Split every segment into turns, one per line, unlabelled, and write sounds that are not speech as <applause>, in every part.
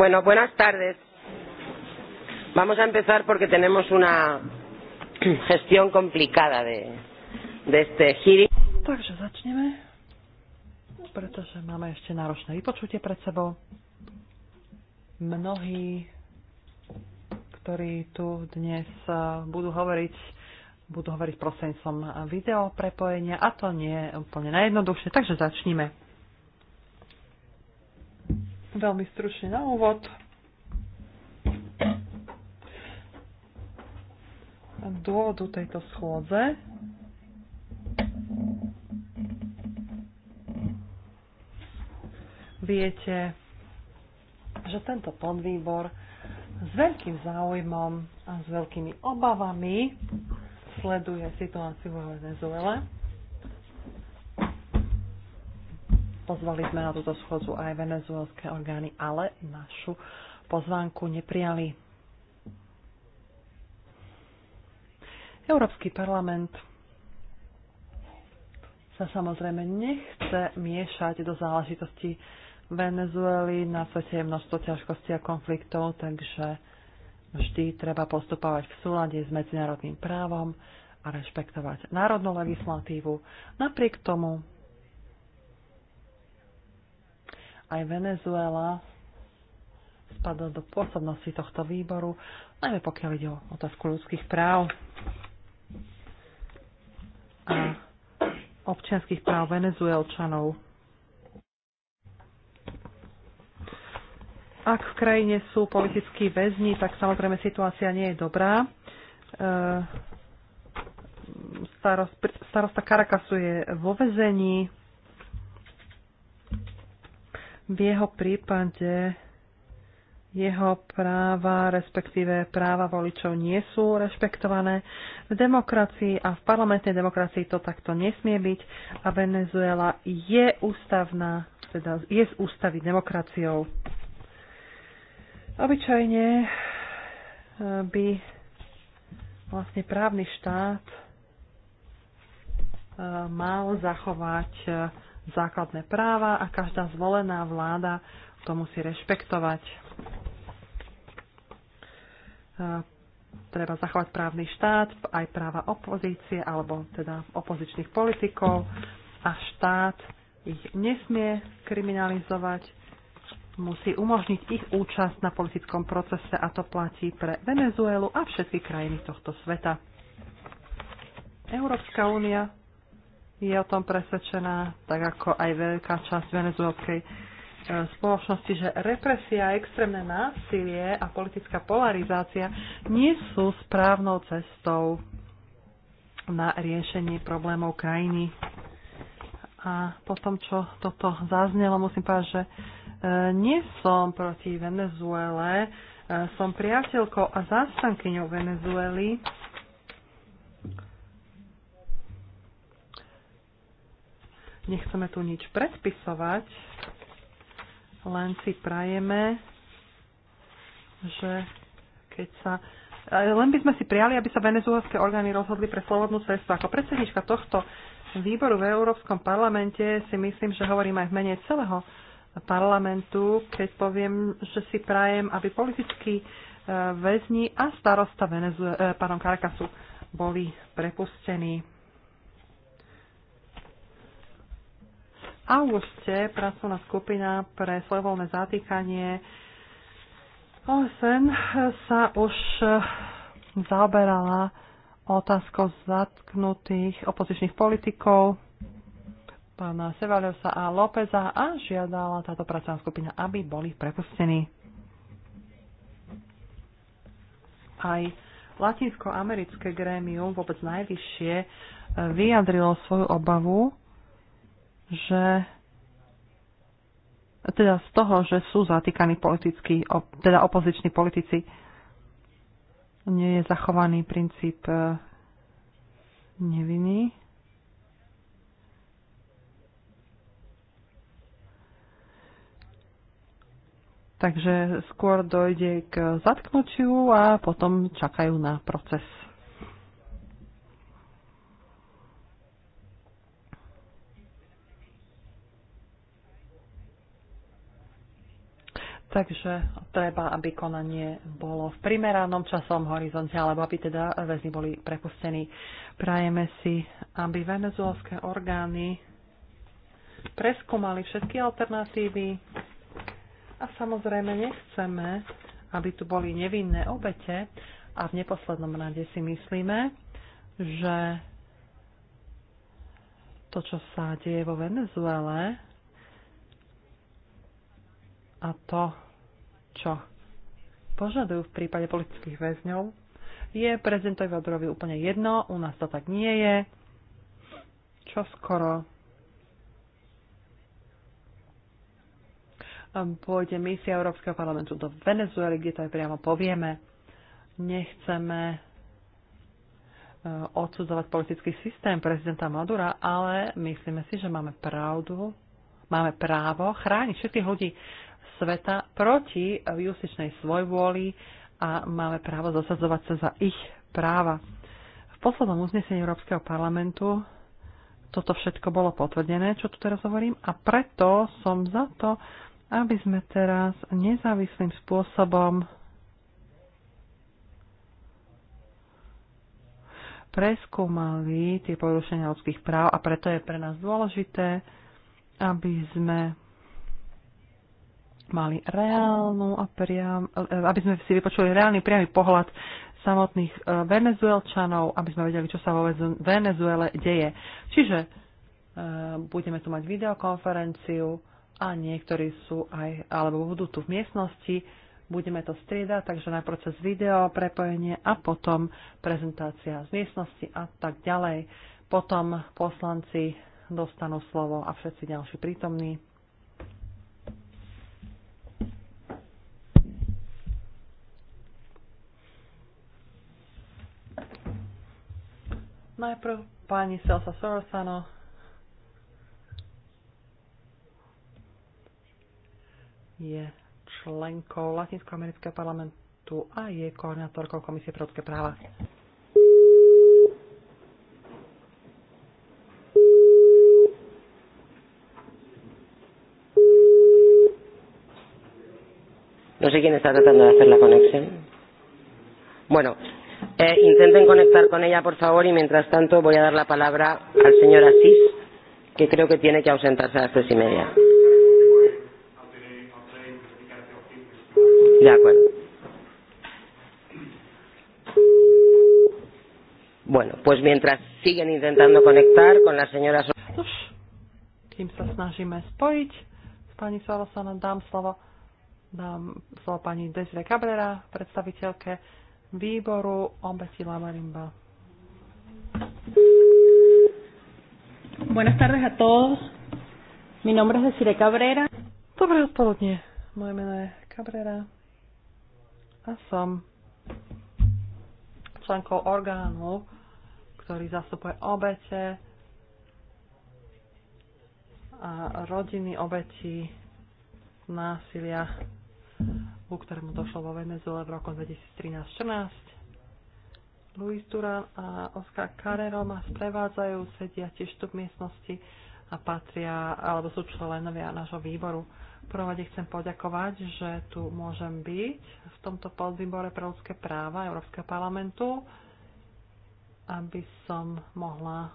Bueno, buenas tardes. Vamos a empezar porque tenemos una gestión complicada de, de este giri.
Takže začneme, pretože máme ešte náročné vypočutie pred sebou. Mnohí, ktorí tu dnes eh, budú hovoriť, budú hovoriť prostredníctvom video prepojenia a to nie je úplne najjednoduchšie, takže začníme. Veľmi stručne na úvod. Dôvodu tejto schôdze viete, že tento podvýbor s veľkým záujmom a s veľkými obavami sleduje situáciu vo Venezuele Pozvali sme na túto schodzu aj venezuelské orgány, ale našu pozvánku neprijali. Európsky parlament sa samozrejme nechce miešať do záležitosti Venezuely. Na svete je množstvo ťažkostí a konfliktov, takže vždy treba postupovať v súlade s medzinárodným právom a rešpektovať národnú legislatívu. Napriek tomu aj Venezuela spadla do pôsobnosti tohto výboru, najmä pokiaľ ide o otázku ľudských práv a občianských práv venezuelčanov. Ak v krajine sú politickí väzni, tak samozrejme situácia nie je dobrá. E, starosta Karakasu je vo väzení, v jeho prípade jeho práva, respektíve práva voličov nie sú rešpektované. V demokracii a v parlamentnej demokracii to takto nesmie byť a Venezuela je ústavná, teda je z ústavy demokraciou. Obyčajne eh, by vlastne právny štát eh, mal zachovať eh, základné práva a každá zvolená vláda to musí rešpektovať. E, treba zachovať právny štát, aj práva opozície alebo teda opozičných politikov a štát ich nesmie kriminalizovať, musí umožniť ich účasť na politickom procese a to platí pre Venezuelu a všetky krajiny tohto sveta. Európska únia je o tom presvedčená, tak ako aj veľká časť venezuelskej e, spoločnosti, že represia, extrémne násilie a politická polarizácia nie sú správnou cestou na riešenie problémov krajiny. A po tom, čo toto zaznelo, musím povedať, že e, nie som proti Venezuele, e, som priateľkou a zástankyňou Venezuely Nechceme tu nič predpisovať, len si prajeme, že keď sa len by sme si prijali, aby sa venezuelské orgány rozhodli pre slobodnú cestu. Ako predsednička tohto výboru v Európskom parlamente si myslím, že hovorím aj v mene celého parlamentu, keď poviem, že si prajem, aby politickí e, väzni a starosta Venezue- e, pardon, Karkasu boli prepustení. auguste pracovná skupina pre svojvoľné zatýkanie OSN sa už zaoberala otázkou zatknutých opozičných politikov pána Sevaliosa a Lópeza a žiadala táto pracovná skupina, aby boli prepustení. Aj latinskoamerické grémium, vôbec najvyššie, vyjadrilo svoju obavu že teda z toho, že sú zatýkaní politickí, teda opoziční politici, nie je zachovaný princíp e, neviny. Takže skôr dojde k zatknutiu a potom čakajú na proces. Takže treba, aby konanie bolo v primeranom časom horizonte, alebo aby teda väzni boli prepustení. Prajeme si, aby venezuelské orgány preskúmali všetky alternatívy a samozrejme nechceme, aby tu boli nevinné obete a v neposlednom rade si myslíme, že to, čo sa deje vo Venezuele, a to, čo požadujú v prípade politických väzňov, je prezidentovi Vadurovi úplne jedno, u nás to tak nie je. Čo skoro pôjde misia Európskeho parlamentu do Venezuely, kde to aj priamo povieme. Nechceme e, odsudzovať politický systém prezidenta Madura, ale myslíme si, že máme pravdu, máme právo chrániť všetkých ľudí sveta proti justičnej svojvôli a máme právo zasadzovať sa za ich práva. V poslednom uznesení Európskeho parlamentu toto všetko bolo potvrdené, čo tu teraz hovorím, a preto som za to, aby sme teraz nezávislým spôsobom preskúmali tie porušenia ľudských práv a preto je pre nás dôležité, aby sme mali reálnu a priam, e, aby sme si vypočuli reálny priamy pohľad samotných e, venezuelčanov, aby sme vedeli, čo sa vo Venezuele deje. Čiže e, budeme tu mať videokonferenciu a niektorí sú aj, alebo budú tu v miestnosti. Budeme to striedať, takže najprv cez video prepojenie a potom prezentácia z miestnosti a tak ďalej. Potom poslanci dostanú slovo a všetci ďalší prítomní. Najprv pani Selsa Sorosano. Je členkou Latinsko-amerického parlamentu a je koordinátorkou Komisie pre ľudské práva.
No sé quién está tratando de hacer la conexión. Bueno, Eh, intenten conectar con ella, por favor, y mientras tanto voy a dar la palabra al señor Asís, que creo que tiene que ausentarse a las tres y media. De acuerdo. Bueno, pues mientras siguen intentando conectar con la señora... Už, kým
sa snažíme spojiť, pani Sorosana dám slovo, dám slovo pani Desire Cabrera, predstaviteľke výboru obeti Lavarimba. Buenas tardes a todos. Mi nombre es Desire Cabrera. Dobré odpoludne. Moje meno je Cabrera a som členkou orgánu, ktorý zastupuje obete a rodiny obeti násilia ku ktorému došlo vo Venezuele v roku 2013-14. Luis Duran a Oscar Carrero ma sprevádzajú, sedia tiež tu v miestnosti a patria, alebo sú členovia nášho výboru. Prvode chcem poďakovať, že tu môžem byť v tomto podvýbore pre ľudské práva Európskeho parlamentu, aby som mohla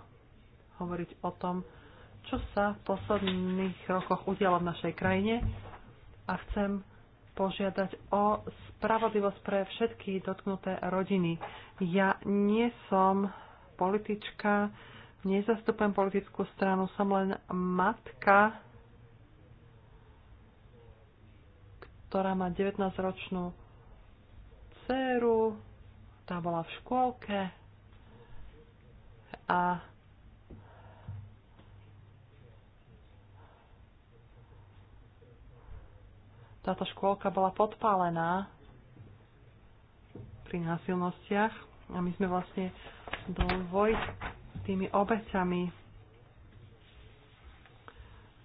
hovoriť o tom, čo sa v posledných rokoch udialo v našej krajine a chcem požiadať o spravodlivosť pre všetky dotknuté rodiny. Ja nie som politička, nezastupujem politickú stranu, som len matka, ktorá má 19-ročnú dceru, tá bola v škôlke a Táto škôlka bola podpálená pri násilnostiach a my sme vlastne s tými obeťami.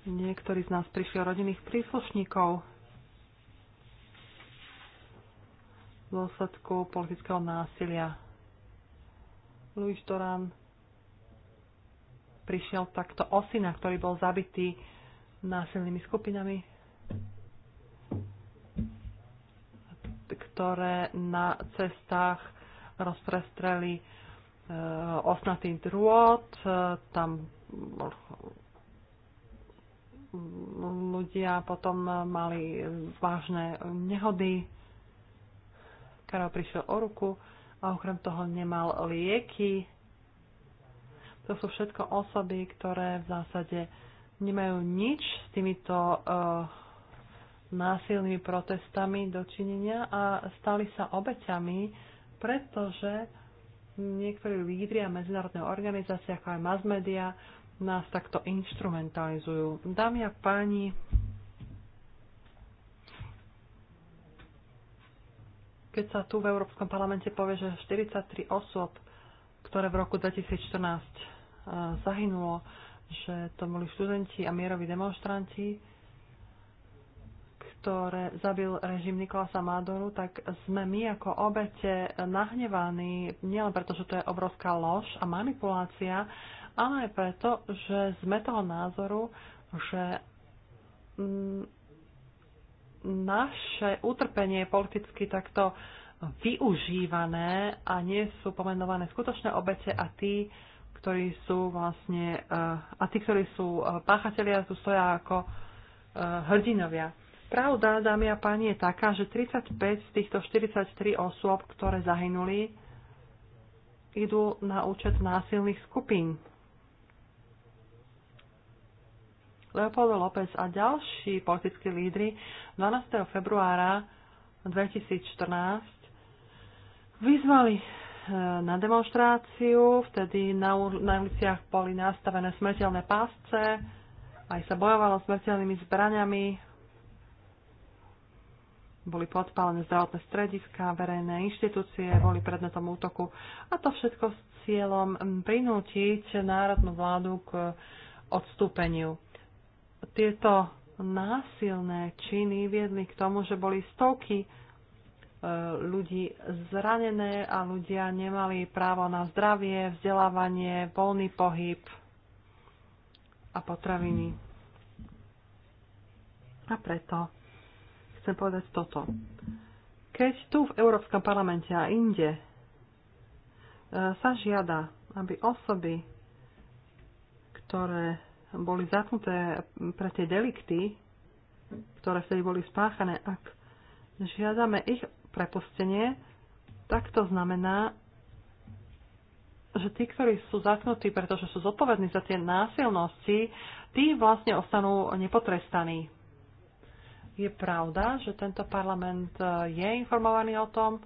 Niektorí z nás prišli o rodinných príslušníkov v dôsledku politického násilia. Luis Doran prišiel takto o syna, ktorý bol zabitý násilnými skupinami. ktoré na cestách rozprestreli e, osnatý drôt, e, tam mm, ľudia potom mali vážne nehody, Karol prišiel o ruku a okrem toho nemal lieky. To sú všetko osoby, ktoré v zásade nemajú nič s týmito uh, násilnými protestami dočinenia a stali sa obeťami, pretože niektorí lídri a medzinárodné organizácie, ako aj mass media, nás takto instrumentalizujú. Dámy a páni, keď sa tu v Európskom parlamente povie, že 43 osob, ktoré v roku 2014 eh, zahynulo, že to boli študenti a mieroví demonstranti, ktoré zabil režim Nikolasa Mádoru, tak sme my ako obete nahnevaní nielen preto, že to je obrovská lož a manipulácia, ale aj preto, že sme toho názoru, že mm, naše utrpenie je politicky takto využívané a nie sú pomenované skutočné obete a tí, ktorí sú vlastne, eh, a tí, ktorí sú eh, páchatelia, tu stoja ako eh, hrdinovia. Pravda, dámy a páni, je taká, že 35 z týchto 43 osôb, ktoré zahynuli, idú na účet násilných skupín. Leopoldo López a ďalší politickí lídry 12. februára 2014 vyzvali eh, na demonstráciu, vtedy na, na uliciach boli nastavené smrteľné pásce, aj sa bojovalo smrteľnými zbraniami boli podpálené zdravotné strediska, verejné inštitúcie boli predmetom útoku a to všetko s cieľom prinútiť národnú vládu k odstúpeniu. Tieto násilné činy viedli k tomu, že boli stovky e, ľudí zranené a ľudia nemali právo na zdravie, vzdelávanie, voľný pohyb a potraviny. A preto chcem povedať toto. Keď tu v Európskom parlamente a inde e, sa žiada, aby osoby, ktoré boli zatnuté pre tie delikty, ktoré vtedy boli spáchané, ak žiadame ich prepustenie, tak to znamená, že tí, ktorí sú zatknutí, pretože sú zodpovední za tie násilnosti, tí vlastne ostanú nepotrestaní. Je pravda, že tento parlament e, je informovaný o tom,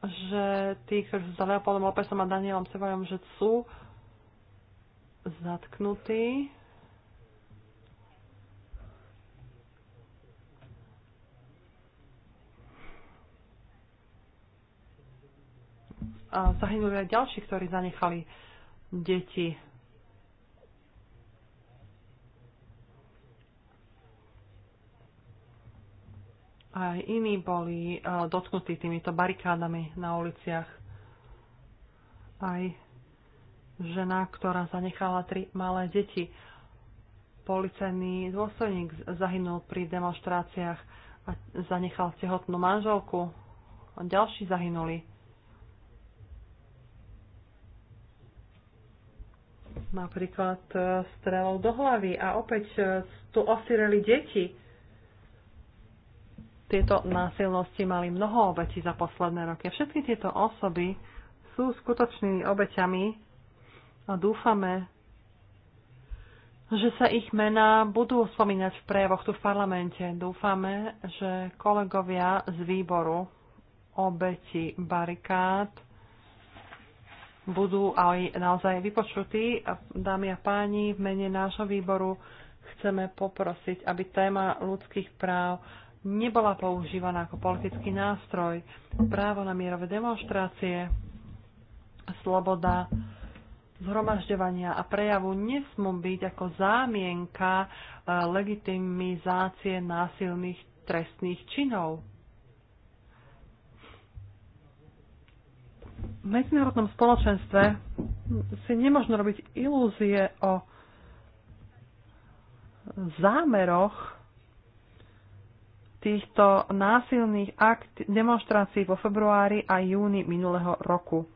že tí, ktorí sú za Leopoldom Lópezom a Danielom Sevojom, že sú zatknutí. A zahynuli aj ďalší, ktorí zanechali deti aj iní boli e, dotknutí týmito barikádami na uliciach. Aj žena, ktorá zanechala tri malé deti. Policajný dôstojník zahynul pri demonstráciách a zanechal tehotnú manželku. A ďalší zahynuli. Napríklad e, strelou do hlavy a opäť e, tu osireli deti tieto násilnosti mali mnoho obetí za posledné roky. Všetky tieto osoby sú skutočnými obeťami a dúfame, že sa ich mená budú spomínať v prejavoch tu v parlamente. Dúfame, že kolegovia z výboru obeti barikád budú aj naozaj vypočutí. Dámy a páni, v mene nášho výboru chceme poprosiť, aby téma ľudských práv nebola používaná ako politický nástroj. Právo na mierové demonstrácie, sloboda zhromažďovania a prejavu nesmú byť ako zámienka e, legitimizácie násilných trestných činov. V medzinárodnom spoločenstve si nemožno robiť ilúzie o zámeroch týchto násilných akt, demonstrácií vo februári a júni minulého roku.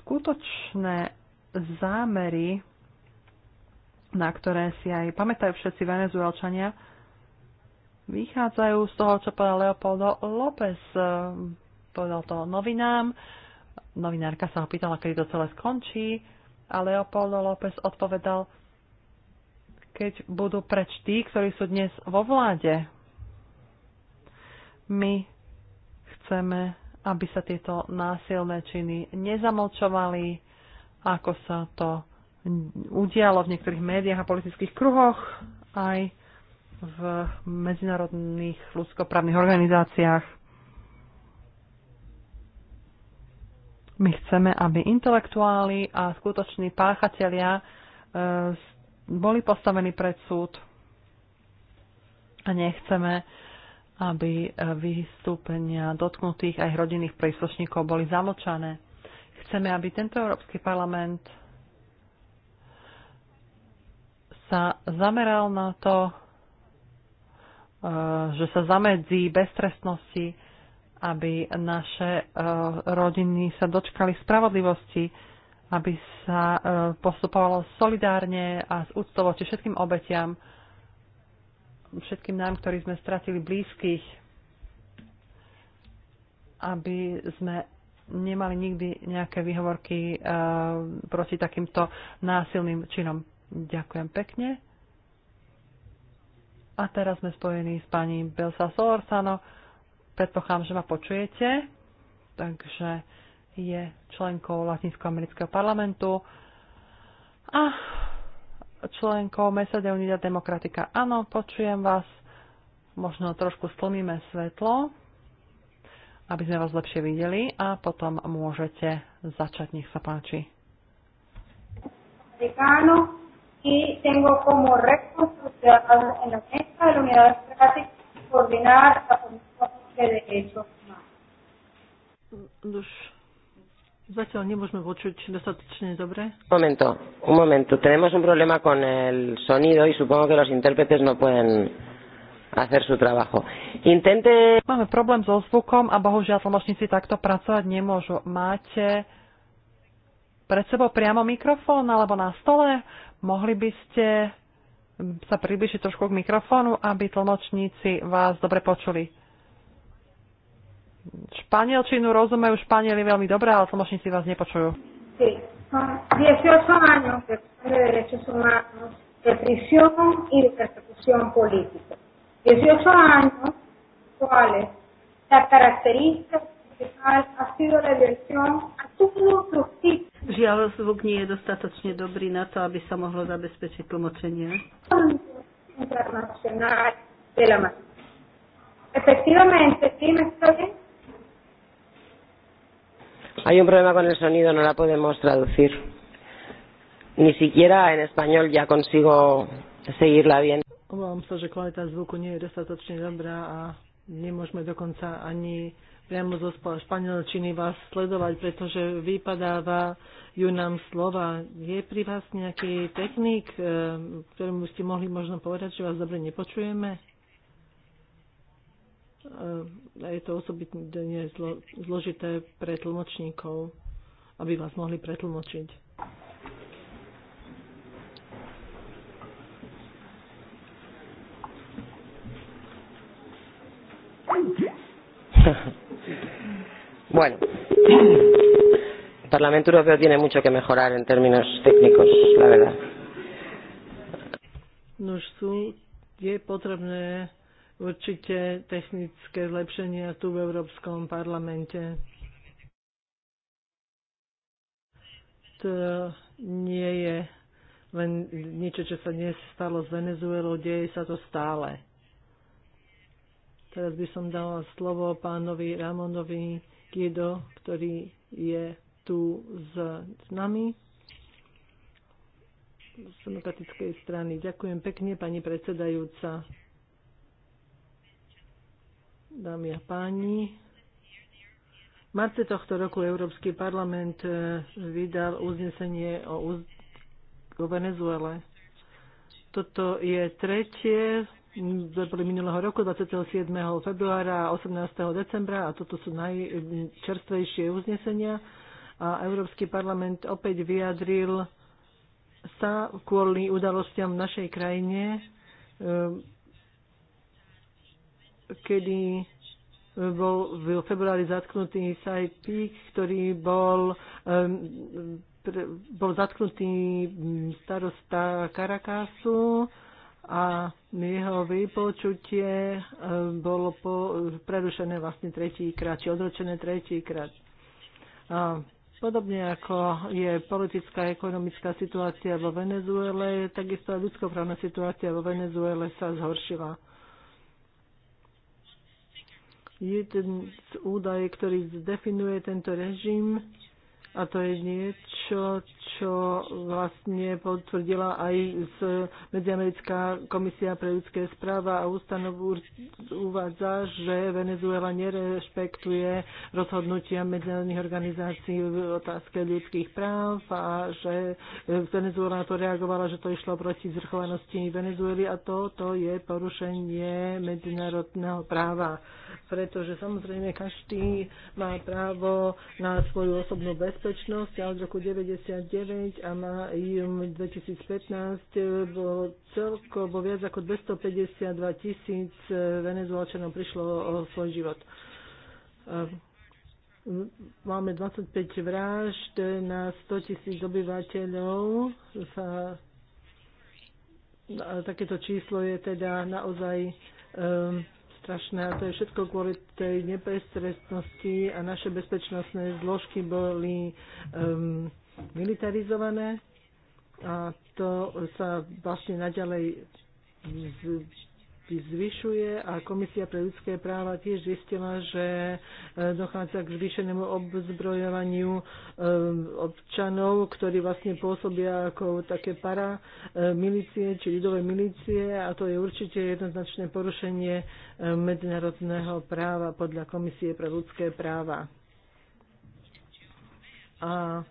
Skutočné zámery, na ktoré si aj pamätajú všetci venezuelčania, vychádzajú z toho, čo povedal Leopoldo López. Povedal to novinám, novinárka sa ho pýtala, kedy to celé skončí a Leopoldo López odpovedal, keď budú preč tí, ktorí sú dnes vo vláde, my chceme, aby sa tieto násilné činy nezamlčovali, ako sa to udialo v niektorých médiách a politických kruhoch, aj v medzinárodných ľudskoprávnych organizáciách. My chceme, aby intelektuáli a skutoční páchatelia e, boli postavení pred súd a nechceme, aby e, vystúpenia dotknutých aj rodinných príslušníkov boli zamlčané. Chceme, aby tento Európsky parlament sa zameral na to, e, že sa zamedzí beztrestnosti, aby naše e, rodiny sa dočkali spravodlivosti, aby sa postupovalo solidárne a s úctou voči všetkým obetiam, všetkým nám, ktorí sme stratili blízkych, aby sme nemali nikdy nejaké výhovorky eh, proti takýmto násilným činom. Ďakujem pekne. A teraz sme spojení s pani Belsa Solorsano. Predpokladám, že ma počujete. Takže je členkou Latinskoamerického parlamentu. A členkou Mesede Unida Demokratika. Áno, počujem vás. Možno trošku stlmíme svetlo, aby sme vás lepšie videli a potom môžete začať. Nech sa páči.
Y tengo como responsabilidad en la mesa de la Unidad Democrática
coordinar la Comisión de Derechos Humanos. Zatiaľ nemôžeme počuť dostatočne dobre.
Un momento, un momento. Tenemos un problema con el sonido y supongo que los intérpretes no pueden hacer su trabajo. Intente... Máme problém so zvukom a bohužiaľ tlmočníci takto pracovať nemôžu.
Máte pred sebou priamo mikrofón alebo na stole? Mohli by ste sa približiť trošku k mikrofónu, aby tlmočníci vás dobre počuli. Španielčinu rozumejú Španieli veľmi dobre, ale tlmočníci vás nepočujú.
Sí. Son no, 18 años de derechos humanos, de prisión y de persecución política. 18 años, cuales la característica principal ha sido la violación a todos
los tipos. Žiaľ, zvuk nie je dostatočne dobrý na to, aby sa mohlo zabezpečiť tlmočenie.
Internacional
de la mano. Efectivamente, el crimen
está
Hay un problema con el sonido, no la podemos traducir. Ni siquiera en español ya consigo seguirla bien.
Obávam sa, že kvalita zvuku nie je dostatočne dobrá a nemôžeme dokonca ani priamo zo španielčiny vás sledovať, pretože vypadáva ju nám slova. Je pri vás nejaký technik, eh, ktorému ste mohli možno povedať, že vás dobre nepočujeme? E, je to osobitne zlo, zložité pre tlmočníkov, aby vás mohli pretlmočiť.
<laughs> bueno, el Parlamento Europeo tiene mucho que mejorar en términos técnicos, la verdad.
Nos su, je potrebné určite technické zlepšenia tu v Európskom parlamente. To nie je len niečo, čo sa dnes stalo s Venezuelou, deje sa to stále. Teraz by som dala slovo pánovi Ramonovi Kido, ktorý je tu s nami z demokratickej strany. Ďakujem pekne, pani predsedajúca dámy a páni. V marce tohto roku Európsky parlament e, vydal uznesenie o, uz- o Venezuele. Toto je tretie z minulého roku, 27. februára a 18. decembra a toto sú najčerstvejšie uznesenia a Európsky parlament opäť vyjadril sa kvôli udalostiam v našej krajine e, kedy bol v februári zatknutý Saipik, ktorý bol, um, pre, bol zatknutý starosta Karakásu a jeho vypočutie um, bolo po, prerušené vlastne tretíkrát, či odročené tretíkrát. A Podobne ako je politická a ekonomická situácia vo Venezuele, takisto aj ľudskoprávna situácia vo Venezuele sa zhoršila jeden z údaj, ktorý zdefinuje tento režim a to je niečo, čo vlastne potvrdila aj z Medziamerická komisia pre ľudské správa a ústanov uvádza, že Venezuela nerešpektuje rozhodnutia medzinárodných organizácií v otázke ľudských práv a že Venezuela na to reagovala, že to išlo proti zrchovanosti Venezuely a toto je porušenie medzinárodného práva. Pretože samozrejme každý má právo na svoju osobnú bezpečnosť a od roku 99 2009 a májom 2015 eh, bolo bo viac ako 252 tisíc eh, venezuelčanov prišlo o svoj život. Máme 25 vražd na 100 tisíc obyvateľov. Takéto číslo je teda naozaj um, strašné a to je všetko kvôli tej nepestrestnosti a naše bezpečnostné zložky boli um, militarizované a to sa vlastne naďalej zvyšuje a Komisia pre ľudské práva tiež zistila, že e, dochádza k zvýšenému obzbrojovaniu e, občanov, ktorí vlastne pôsobia ako také para milície či ľudové milície a to je určite jednoznačné porušenie e, medzinárodného práva podľa Komisie pre ľudské práva. A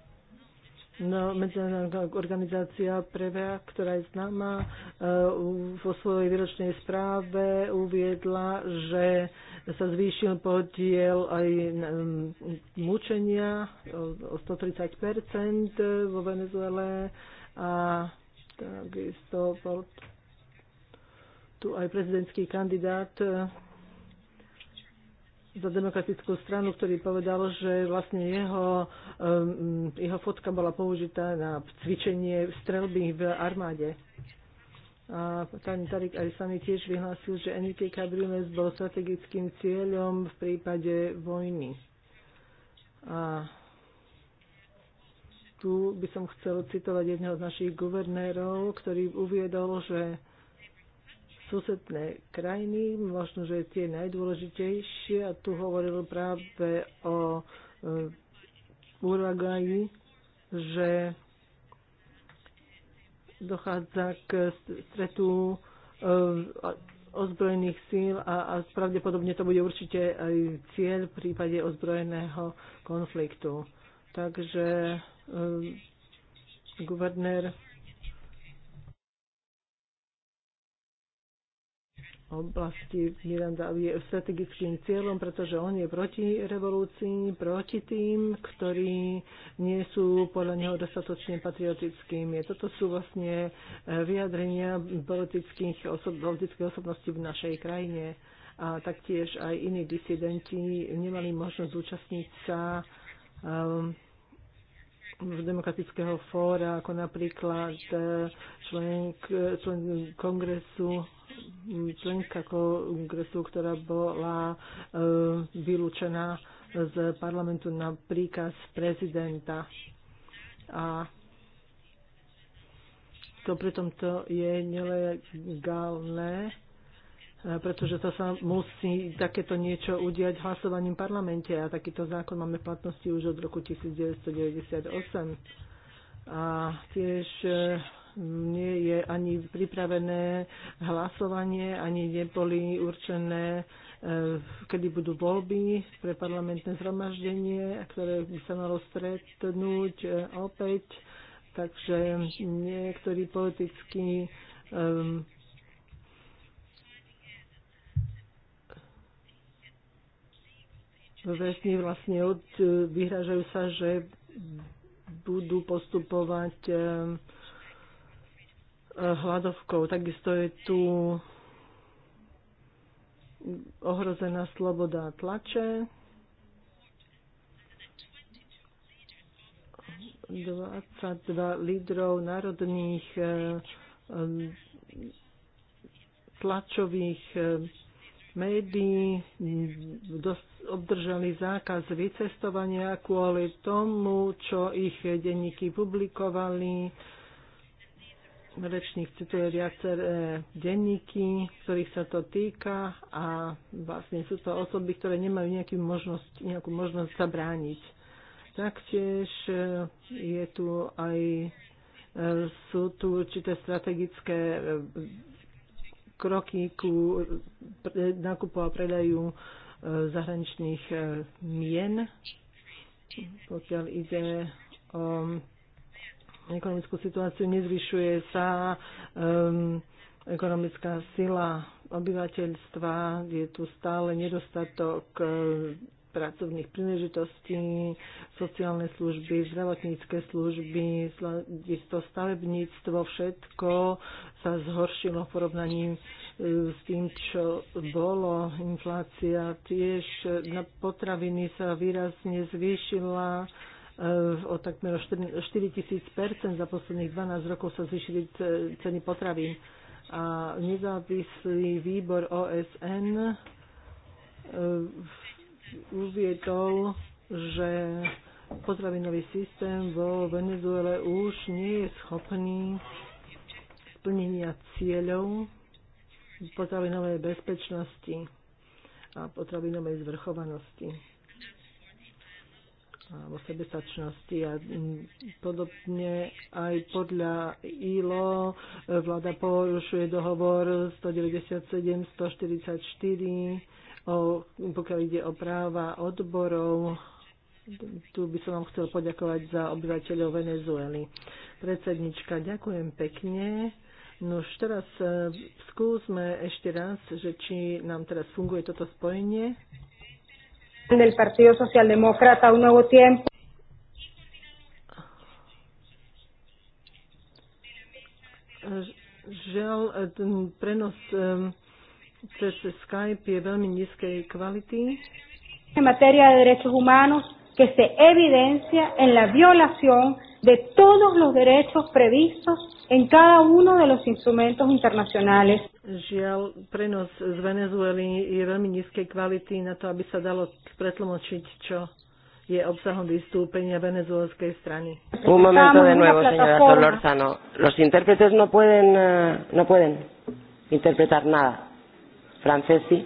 no, medzinárodná organizácia Prevea, ktorá je známa, e, vo svojej výročnej správe uviedla, že sa zvýšil podiel aj mučenia o 130 vo Venezuele a takisto bol tu aj prezidentský kandidát za demokratickú stranu, ktorý povedal, že vlastne jeho, um, jeho fotka bola použitá na cvičenie strelby v armáde. A pán Tarik Arisani sami tiež vyhlásil, že Enrique Cabrines bol strategickým cieľom v prípade vojny. A tu by som chcel citovať jedného z našich guvernérov, ktorý uviedol, že susedné krajiny, možno, že tie najdôležitejšie, a tu hovoril práve o e, Uruguayi, že dochádza k stretu e, ozbrojených síl a, a pravdepodobne to bude určite aj cieľ v prípade ozbrojeného konfliktu. Takže e, guvernér oblasti Miranda je strategickým cieľom, pretože on je proti revolúcii, proti tým, ktorí nie sú podľa neho dostatočne patriotickými. Toto sú vlastne e, vyjadrenia politických osob, politických osobností v našej krajine. A taktiež aj iní disidenti nemali možnosť zúčastniť sa um, demokratického fóra, ako napríklad e, člen, e, člen kongresu členka kongresu, ktorá bola e, vylúčená z parlamentu na príkaz prezidenta. A to pritom to je nelegálne E, pretože to sa musí takéto niečo udiať hlasovaním v parlamente a takýto zákon máme v platnosti už od roku 1998. A tiež e, nie je ani pripravené hlasovanie, ani neboli určené, e, kedy budú voľby pre parlamentné zhromaždenie, ktoré by sa malo stretnúť opäť. Takže niektorí politickí um, väzni vlastne e, vyhražajú sa, že budú postupovať e, e, hladovkou. Takisto je tu ohrozená sloboda tlače. 22 lídrov národných tlačových médií obdržali zákaz vycestovania kvôli tomu, čo ich denníky publikovali. Rečník cituje viaceré denníky, ktorých sa to týka a vlastne sú to osoby, ktoré nemajú možnosť, nejakú možnosť sa brániť. Taktiež eh, je tu aj eh, sú tu určité strategické eh, kroky ku nákupu a predaju e, zahraničných e, mien, pokiaľ ide o ekonomickú situáciu, nezvyšuje sa um, ekonomická sila obyvateľstva, je tu stále nedostatok e, pracovných príležitostí, sociálne služby, zdravotnícke služby, to stavebníctvo, všetko sa zhoršilo v porovnaní e, s tým, čo bolo. Inflácia tiež na potraviny sa výrazne zvýšila e, o takmer 4 tisíc percent za posledných 12 rokov sa zvýšili ceny potravín. A nezávislý výbor OSN e, uviedol, že potravinový systém vo Venezuele už nie je schopný splnenia cieľov potravinovej bezpečnosti a potravinovej zvrchovanosti alebo sebestačnosti a mm, podobne aj podľa ILO e, vláda porušuje dohovor 197, 144 o, pokiaľ ide o práva odborov, tu by som vám chcel poďakovať za obyvateľov Venezuely. Predsednička, ďakujem pekne. No už teraz e, skúsme ešte raz, že či nám teraz funguje toto spojenie.
Del Partido Socialdemócrata un nuevo tiempo.
Žiaľ, e, ten prenos um, cez Skype je veľmi nízkej kvality. materia de derechos humanos que se evidencia en la
violación de todos los derechos previstos en cada uno de los instrumentos internacionales.
Žiaľ, prenos z Venezuely je veľmi nízkej kvality na to, aby sa dalo pretlmočiť, čo je obsahom vystúpenia venezuelskej strany. Un momento de nuevo, señora Solorzano.
Los intérpretes no pueden, eh, no pueden interpretar nada. Francesi.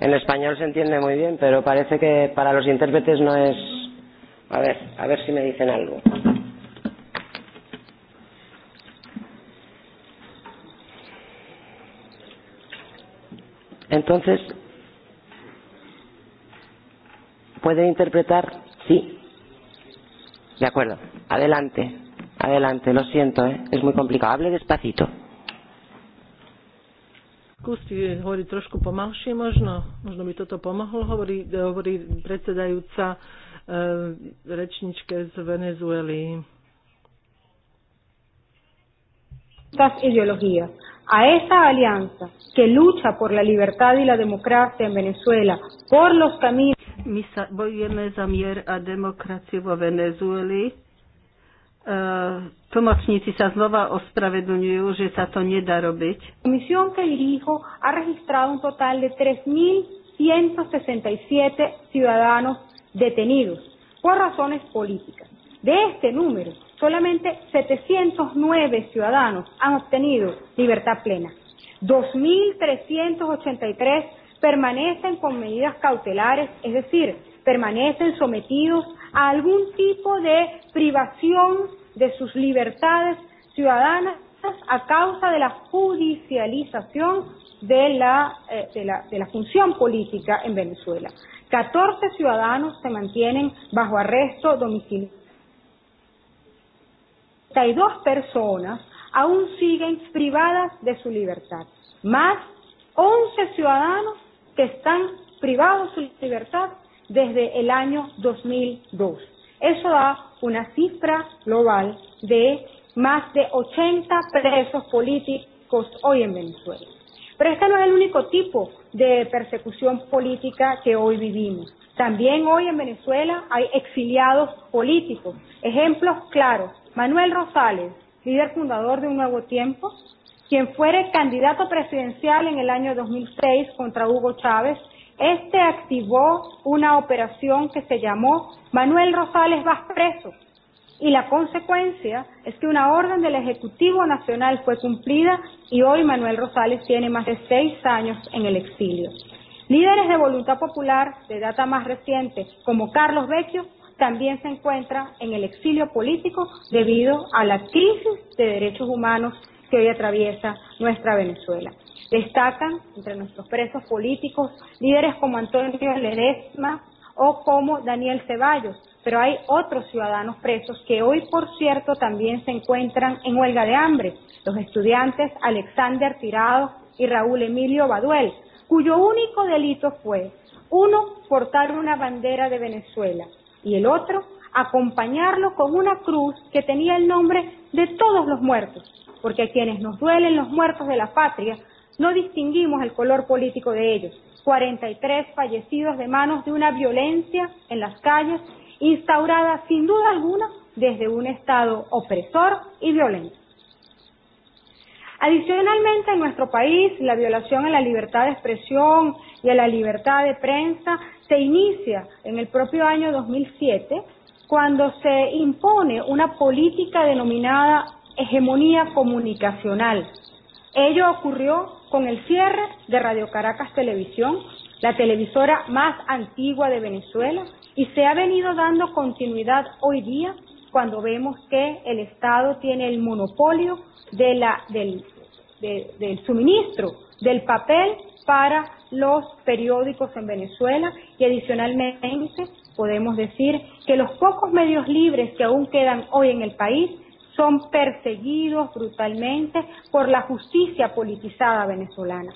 En español se entiende muy bien, pero parece que para los intérpretes no es. A ver, a ver si me dicen algo. Entonces, ¿puede interpretar? Sí. De acuerdo. Adelante. Adelante. Lo siento, ¿eh? es muy complicado. Hable despacito
skúste hovoriť trošku pomalšie možno? Možno by toto pomohlo, hovorí, hovorí predsedajúca e, rečničke z Venezuely. Estas ideologías. A esa
alianza que lucha por la libertad y la democracia en Venezuela, por los caminos.
My sa bojujeme za mier a demokraciu vo Venezueli E, tlmočníci sa znova ospravedlňujú, že sa to nedá robiť. Komisión que dirijo ha registrado un total de 3.167
ciudadanos detenidos por razones políticas. De este número, solamente 709 ciudadanos han obtenido libertad plena. 2.383 permanecen con medidas cautelares, es decir, permanecen sometidos a algún tipo de privación de sus libertades ciudadanas a causa de la judicialización de la, eh, de la, de la función política en Venezuela. 14 ciudadanos se mantienen bajo arresto domiciliario. 32 personas aún siguen privadas de su libertad. Más 11 ciudadanos que están privados de su libertad desde el año 2002. Eso da una cifra global de más de 80 presos políticos hoy en Venezuela. Pero este no es el único tipo de persecución política que hoy vivimos. También hoy en Venezuela hay exiliados políticos. Ejemplos claros. Manuel Rosales, líder fundador de Un Nuevo Tiempo, quien fuere candidato presidencial en el año 2006 contra Hugo Chávez Este activó una operación que se llamó Manuel Rosales vas preso. Y la consecuencia es que una orden del Ejecutivo Nacional fue cumplida y hoy Manuel Rosales tiene más de seis años en el exilio. Líderes de voluntad popular de data más reciente, como Carlos Vecchio, también se encuentra en el exilio político debido a la crisis de derechos humanos que hoy atraviesa nuestra Venezuela. Destacan entre nuestros presos políticos líderes como Antonio Ledesma o como Daniel Ceballos, pero hay otros ciudadanos presos que hoy, por cierto, también se encuentran en huelga de hambre, los estudiantes Alexander Tirado y Raúl Emilio Baduel, cuyo único delito fue, uno, portar una bandera de Venezuela y el otro, acompañarlo con una cruz que tenía el nombre de todos los muertos, porque a quienes nos duelen los muertos de la patria no distinguimos el color político de ellos. 43 fallecidos de manos de una violencia en las calles instaurada sin duda alguna desde un Estado opresor y violento. Adicionalmente, en nuestro país, la violación a la libertad de expresión y a la libertad de prensa se inicia en el propio año 2007, cuando se impone una política denominada hegemonía comunicacional. Ello ocurrió con el cierre de Radio Caracas Televisión, la televisora más antigua de Venezuela, y se ha venido dando continuidad hoy día cuando vemos que el Estado tiene el monopolio de la, del, de, del suministro del papel para los periódicos en Venezuela y adicionalmente podemos decir que los pocos medios libres que aún quedan hoy en el país son perseguidos brutalmente por la justicia politizada venezolana.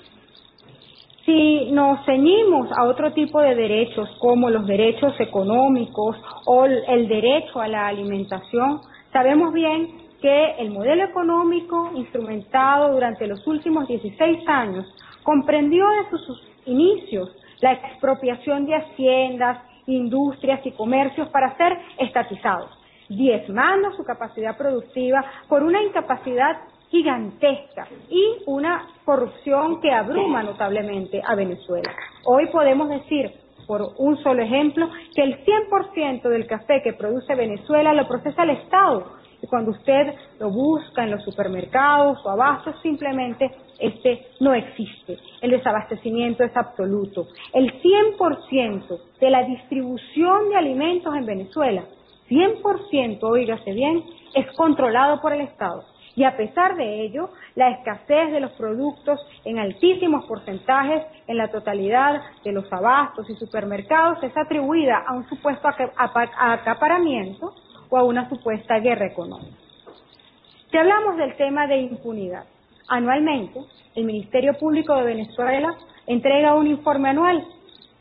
Si nos ceñimos a otro tipo de derechos como los derechos económicos o el derecho a la alimentación, sabemos bien que el modelo económico instrumentado durante los últimos 16 años comprendió de sus inicios la expropiación de haciendas, industrias y comercios para ser estatizados diezmando su capacidad productiva por una incapacidad gigantesca y una corrupción que abruma notablemente a Venezuela. Hoy podemos decir, por un solo ejemplo, que el 100% del café que produce Venezuela lo procesa el Estado. Y cuando usted lo busca en los supermercados o abastos, simplemente este no existe. El desabastecimiento es absoluto. El 100% de la distribución de alimentos en Venezuela 100%, oígase bien, es controlado por el Estado. Y a pesar de ello, la escasez de los productos en altísimos porcentajes en la totalidad de los abastos y supermercados es atribuida a un supuesto acaparamiento o a una supuesta guerra económica. Si hablamos del tema de impunidad, anualmente el Ministerio Público de Venezuela entrega un informe anual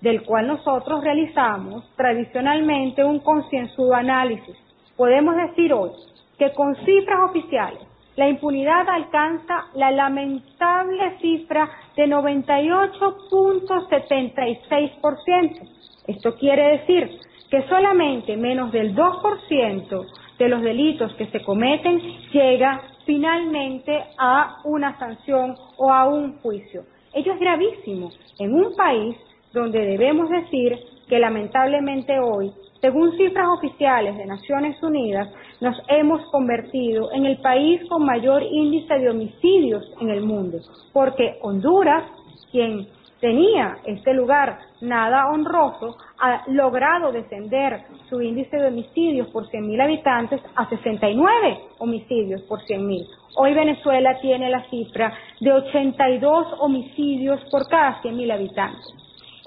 del cual nosotros realizamos tradicionalmente un concienzudo análisis. Podemos decir hoy que con cifras oficiales la impunidad alcanza la lamentable cifra de 98.76%. Esto quiere decir que solamente menos del 2% de los delitos que se cometen llega finalmente a una sanción o a un juicio. Ello es gravísimo en un país donde debemos decir que lamentablemente hoy, según cifras oficiales de Naciones Unidas, nos hemos convertido en el país con mayor índice de homicidios en el mundo, porque Honduras, quien tenía este lugar nada honroso, ha logrado descender su índice de homicidios por 100.000 habitantes a 69 homicidios por 100.000. Hoy Venezuela tiene la cifra de 82 homicidios por cada 100.000 habitantes.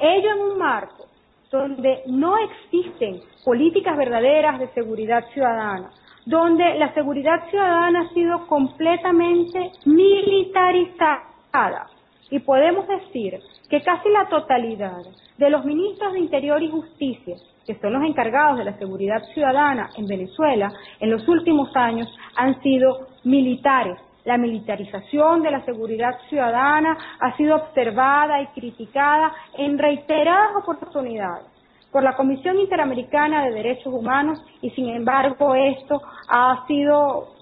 Ello en un marco donde no existen políticas verdaderas de seguridad ciudadana, donde la seguridad ciudadana ha sido completamente militarizada. Y podemos decir que casi la totalidad de los ministros de Interior y Justicia, que son los encargados de la seguridad ciudadana en Venezuela, en los últimos años han sido militares, La militarización de la seguridad ciudadana ha sido observada y criticada en reiteradas oportunidades por la Comisión Interamericana de Derechos Humanos y sin embargo esto ha sido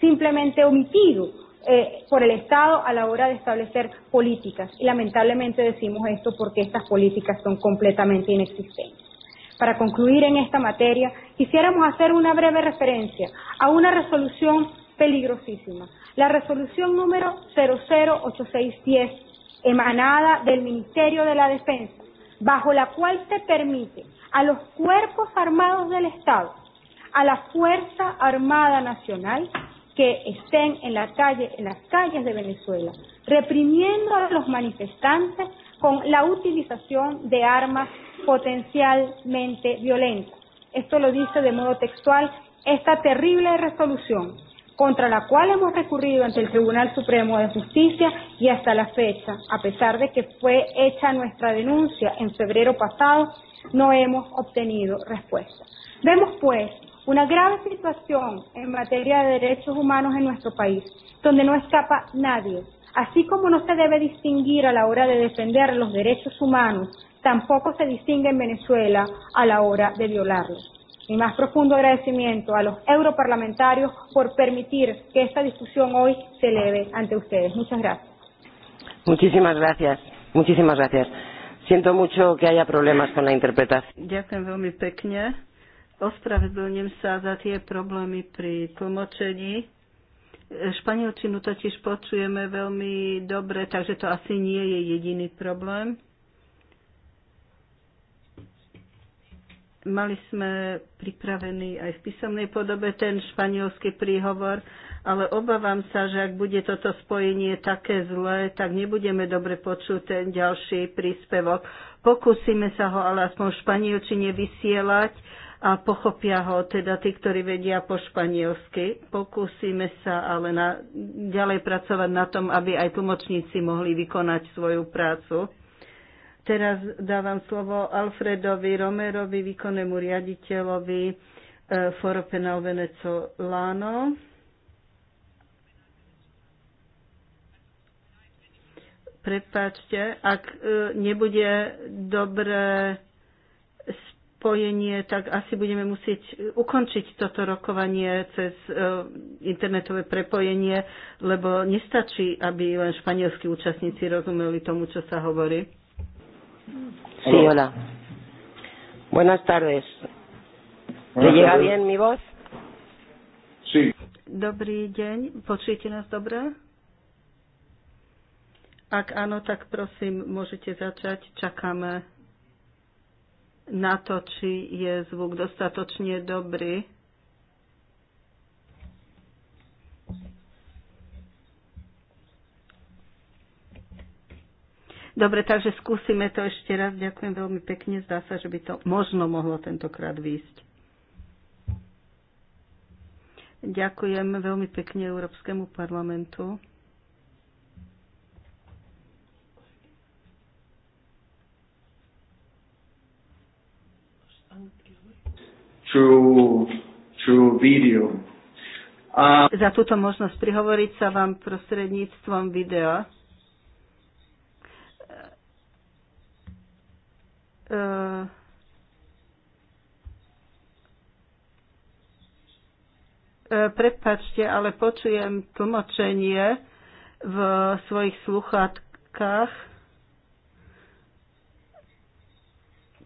simplemente omitido eh, por el Estado a la hora de establecer políticas y lamentablemente decimos esto porque estas políticas son completamente inexistentes. Para concluir en esta materia, quisiéramos hacer una breve referencia a una resolución peligrosísima, La resolución número 008610, emanada del Ministerio de la Defensa, bajo la cual se permite a los cuerpos armados del Estado, a la Fuerza Armada Nacional, que estén en, la calle, en las calles de Venezuela, reprimiendo a los manifestantes con la utilización de armas potencialmente violentas. Esto lo dice de modo textual esta terrible resolución contra la cual hemos recurrido ante el Tribunal Supremo de Justicia y hasta la fecha, a pesar de que fue hecha nuestra denuncia en febrero pasado, no hemos obtenido respuesta. Vemos, pues, una grave situación en materia de derechos humanos en nuestro país, donde no escapa nadie. Así como no se debe distinguir a la hora de defender los derechos humanos, tampoco se distingue en Venezuela a la hora de violarlos. Mi más profundo agradecimiento a los europarlamentarios por permitir que esta discusión hoy se eleve ante ustedes. Muchas gracias.
Muchísimas gracias. Muchísimas gracias. Siento mucho que haya problemas con la interpretación.
Gracias muy pekne. Ospravedlňujem sa za tie problémy pri tlmočení. Španielčinu totiž počujeme veľmi dobre, takže to asi nie je jediný problém. Mali sme pripravený aj v písomnej podobe ten španielský príhovor, ale obávam sa, že ak bude toto spojenie také zlé, tak nebudeme dobre počuť ten ďalší príspevok. Pokúsime sa ho ale aspoň v španielčine vysielať a pochopia ho teda tí, ktorí vedia po španielsky. Pokúsime sa ale na, ďalej pracovať na tom, aby aj tlmočníci mohli vykonať svoju prácu. Teraz dávam slovo Alfredovi Romerovi, výkonnému riaditeľovi e, Foro Penal Venezolano. Prepáčte, ak e, nebude dobré spojenie, tak asi budeme musieť ukončiť toto rokovanie cez e, internetové prepojenie, lebo nestačí, aby len španielskí účastníci rozumeli tomu, čo sa hovorí.
Sí, hola. hola. Buenas tardes. ¿Le llega bien mi voz?
Sí. Dobrý deň, počujete nás dobre? Ak áno, tak prosím, môžete začať. Čakáme na to, či je zvuk dostatočne dobrý. Dobre, takže skúsime to ešte raz. Ďakujem veľmi pekne. Zdá sa, že by to možno mohlo tentokrát výjsť. Ďakujem veľmi pekne Európskemu parlamentu.
True, true video.
Uh, Za túto možnosť prihovoriť sa vám prostredníctvom videa. e, e, prepačte, ale počujem tlmočenie v svojich sluchátkach.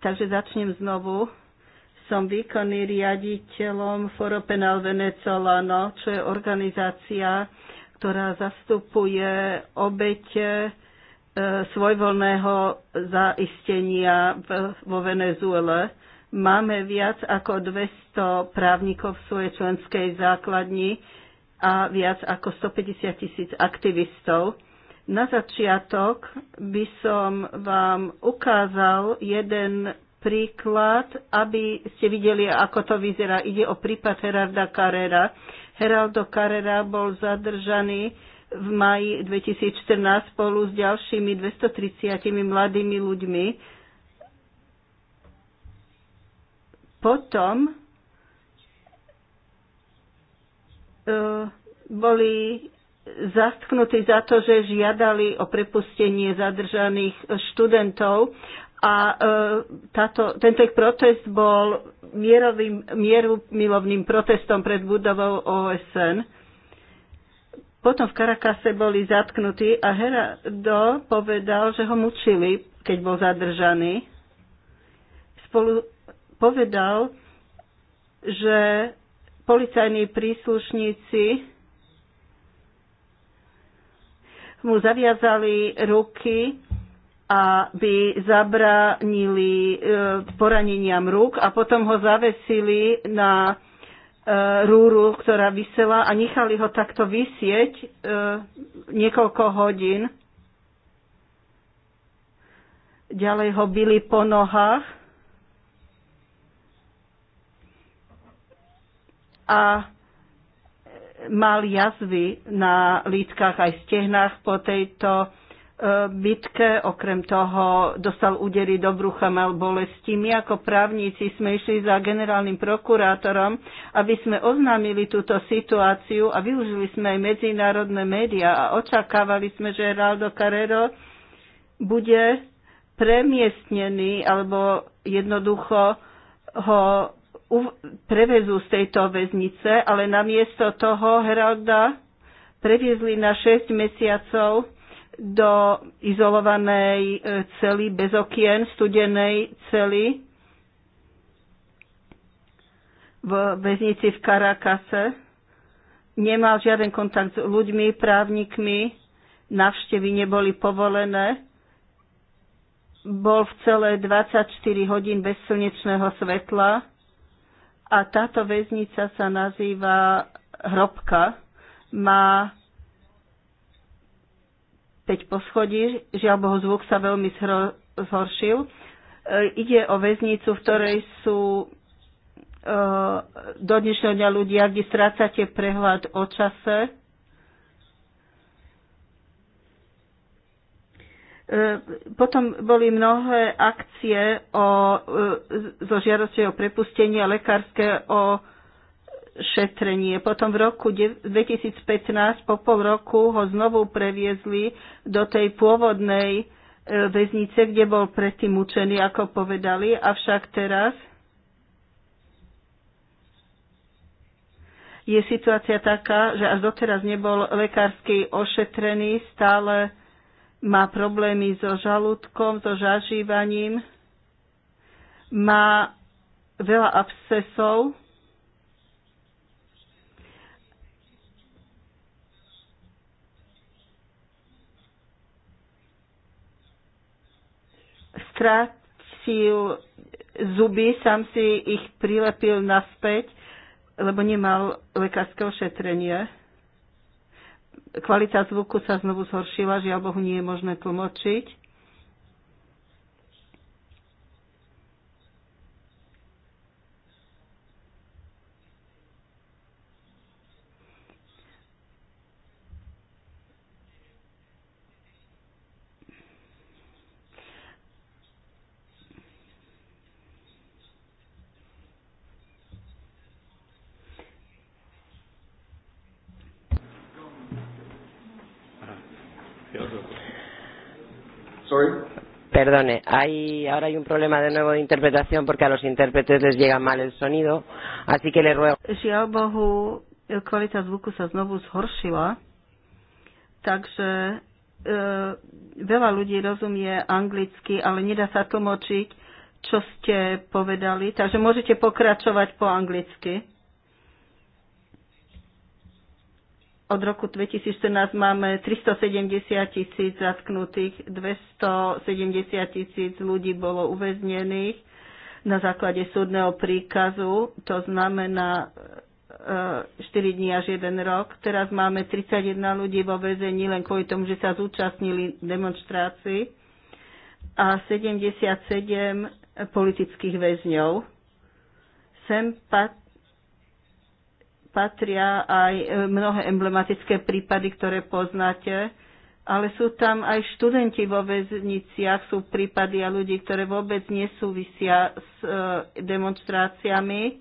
Takže začnem znovu. Som výkonný riaditeľom Foro Penal Venezolano, čo je organizácia, ktorá zastupuje obete svojvoľného zaistenia vo Venezuele. Máme viac ako 200 právnikov v svojej členskej základni a viac ako 150 tisíc aktivistov. Na začiatok by som vám ukázal jeden príklad, aby ste videli, ako to vyzerá. Ide o prípad Herarda Carrera. Heraldo Carrera bol zadržaný v maji 2014 spolu s ďalšími 230 mladými ľuďmi. Potom e, boli zastknutí za to, že žiadali o prepustenie zadržaných študentov a e, táto, tento ich protest bol mierovým, mierumilovným protestom pred budovou OSN. Potom v Karakase boli zatknutí a Herado povedal, že ho mučili, keď bol zadržaný. Spolu povedal, že policajní príslušníci mu zaviazali ruky, aby zabránili eh, poraneniam rúk a potom ho zavesili na rúru, ktorá vysela a nechali ho takto vysieť e, niekoľko hodín. Ďalej ho byli po nohách a mal jazvy na lítkach aj stehnách po tejto bitke, okrem toho dostal údery do brucha, mal bolesti. My ako právnici sme išli za generálnym prokurátorom, aby sme oznámili túto situáciu a využili sme aj medzinárodné médiá a očakávali sme, že Heraldo Carrero bude premiestnený alebo jednoducho ho prevezú z tejto väznice, ale namiesto toho Heralda previezli na 6 mesiacov do izolovanej e, cely bez okien, studenej cely v väznici v Karakase. Nemal žiaden kontakt s ľuďmi, právnikmi, navštevy neboli povolené. Bol v celé 24 hodín bez slnečného svetla a táto väznica sa nazýva Hrobka. Má 5 poschodí. Žiaľ Bohu, zvuk sa veľmi zhoršil. E, ide o väznicu, v ktorej sú e, do dnešného dňa ľudia, kde strácate prehľad o čase. E, potom boli mnohé akcie o, so žiadosťou o prepustenie lekárske o šetrenie. Potom v roku 2015, po pol roku, ho znovu previezli do tej pôvodnej e, väznice, kde bol predtým učený, ako povedali, avšak teraz je situácia taká, že až doteraz nebol lekársky ošetrený, stále má problémy so žalúdkom, so žažívaním, má veľa abscesov, stratil zuby, sám si ich prilepil naspäť, lebo nemal lekárske ošetrenie. Kvalita zvuku sa znovu zhoršila, žiaľ Bohu nie je možné tlmočiť.
perdone. Hay, ahora hay un problema de nuevo de interpretación porque a los intérpretes les llega mal el sonido, así que le ruego.
Žiaľ Bohu, kvalita zvuku sa znovu zhoršila, takže e, veľa ľudí rozumie anglicky, ale nedá sa tlmočiť, čo ste povedali, takže môžete pokračovať po anglicky. Od roku 2014 máme 370 tisíc zatknutých, 270 tisíc ľudí bolo uväznených na základe súdneho príkazu, to znamená 4 e, e, dní až 1 rok. Teraz máme 31 ľudí vo väzení len kvôli tomu, že sa zúčastnili demonstrácii a 77 politických väzňov. Sem pat patria aj e, mnohé emblematické prípady, ktoré poznáte, ale sú tam aj študenti vo väzniciach, sú prípady a ľudí, ktoré vôbec nesúvisia s e, demonstráciami. E,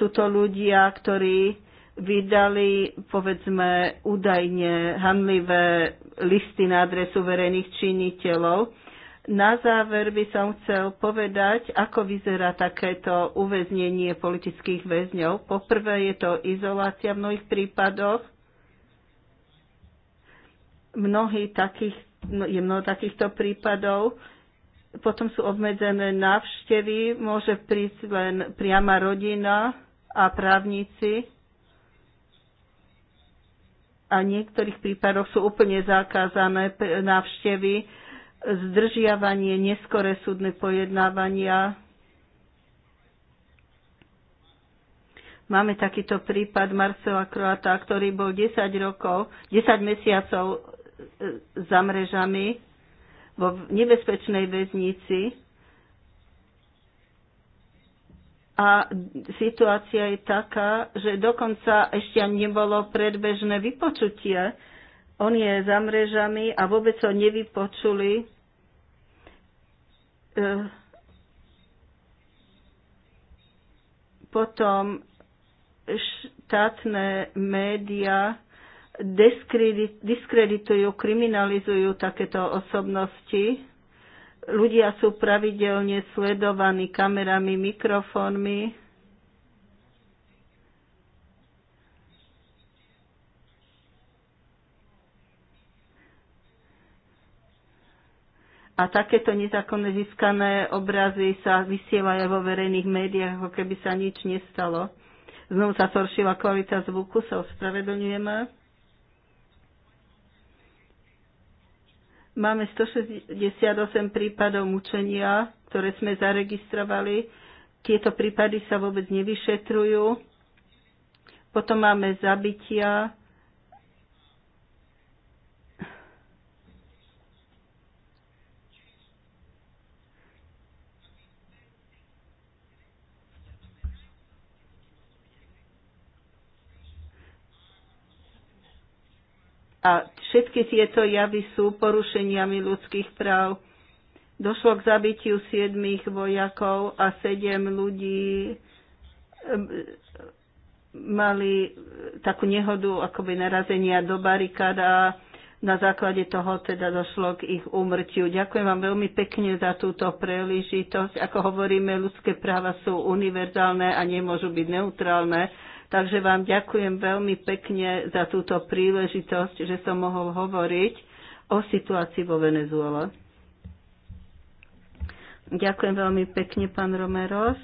sú to ľudia, ktorí vydali, povedzme, údajne hanlivé listy na adresu verejných činiteľov na záver by som chcel povedať, ako vyzerá takéto uväznenie politických väzňov. Poprvé je to izolácia v mnohých prípadoch. Mnohí takých, no, je mnoho takýchto prípadov. Potom sú obmedzené návštevy, môže prísť len priama rodina a právnici a v niektorých prípadoch sú úplne zakázané návštevy zdržiavanie, neskore súdne pojednávania. Máme takýto prípad Marcela Kroata, ktorý bol 10 rokov, 10 mesiacov e, za mrežami vo nebezpečnej väznici. A situácia je taká, že dokonca ešte ani nebolo predbežné vypočutie. On je za mrežami a vôbec ho nevypočuli Eh, potom štátne médiá diskreditujú, kriminalizujú takéto osobnosti. Ľudia sú pravidelne sledovaní kamerami, mikrofónmi A takéto nezákonne získané obrazy sa vysielajú vo verejných médiách, ako keby sa nič nestalo. Znovu sa zhoršila kvalita zvuku, sa ospravedlňujeme. Máme 168 prípadov mučenia, ktoré sme zaregistrovali. Tieto prípady sa vôbec nevyšetrujú. Potom máme zabitia, A všetky tieto javy sú porušeniami ľudských práv. Došlo k zabitiu siedmých vojakov a sedem ľudí mali takú nehodu, akoby narazenia do barikád a na základe toho teda došlo k ich úmrtiu. Ďakujem vám veľmi pekne za túto príležitosť. Ako hovoríme, ľudské práva sú univerzálne a nemôžu byť neutrálne. Takže vám ďakujem veľmi pekne za túto príležitosť, že som mohol hovoriť o situácii vo Venezuele. Ďakujem veľmi pekne, pán Romeros.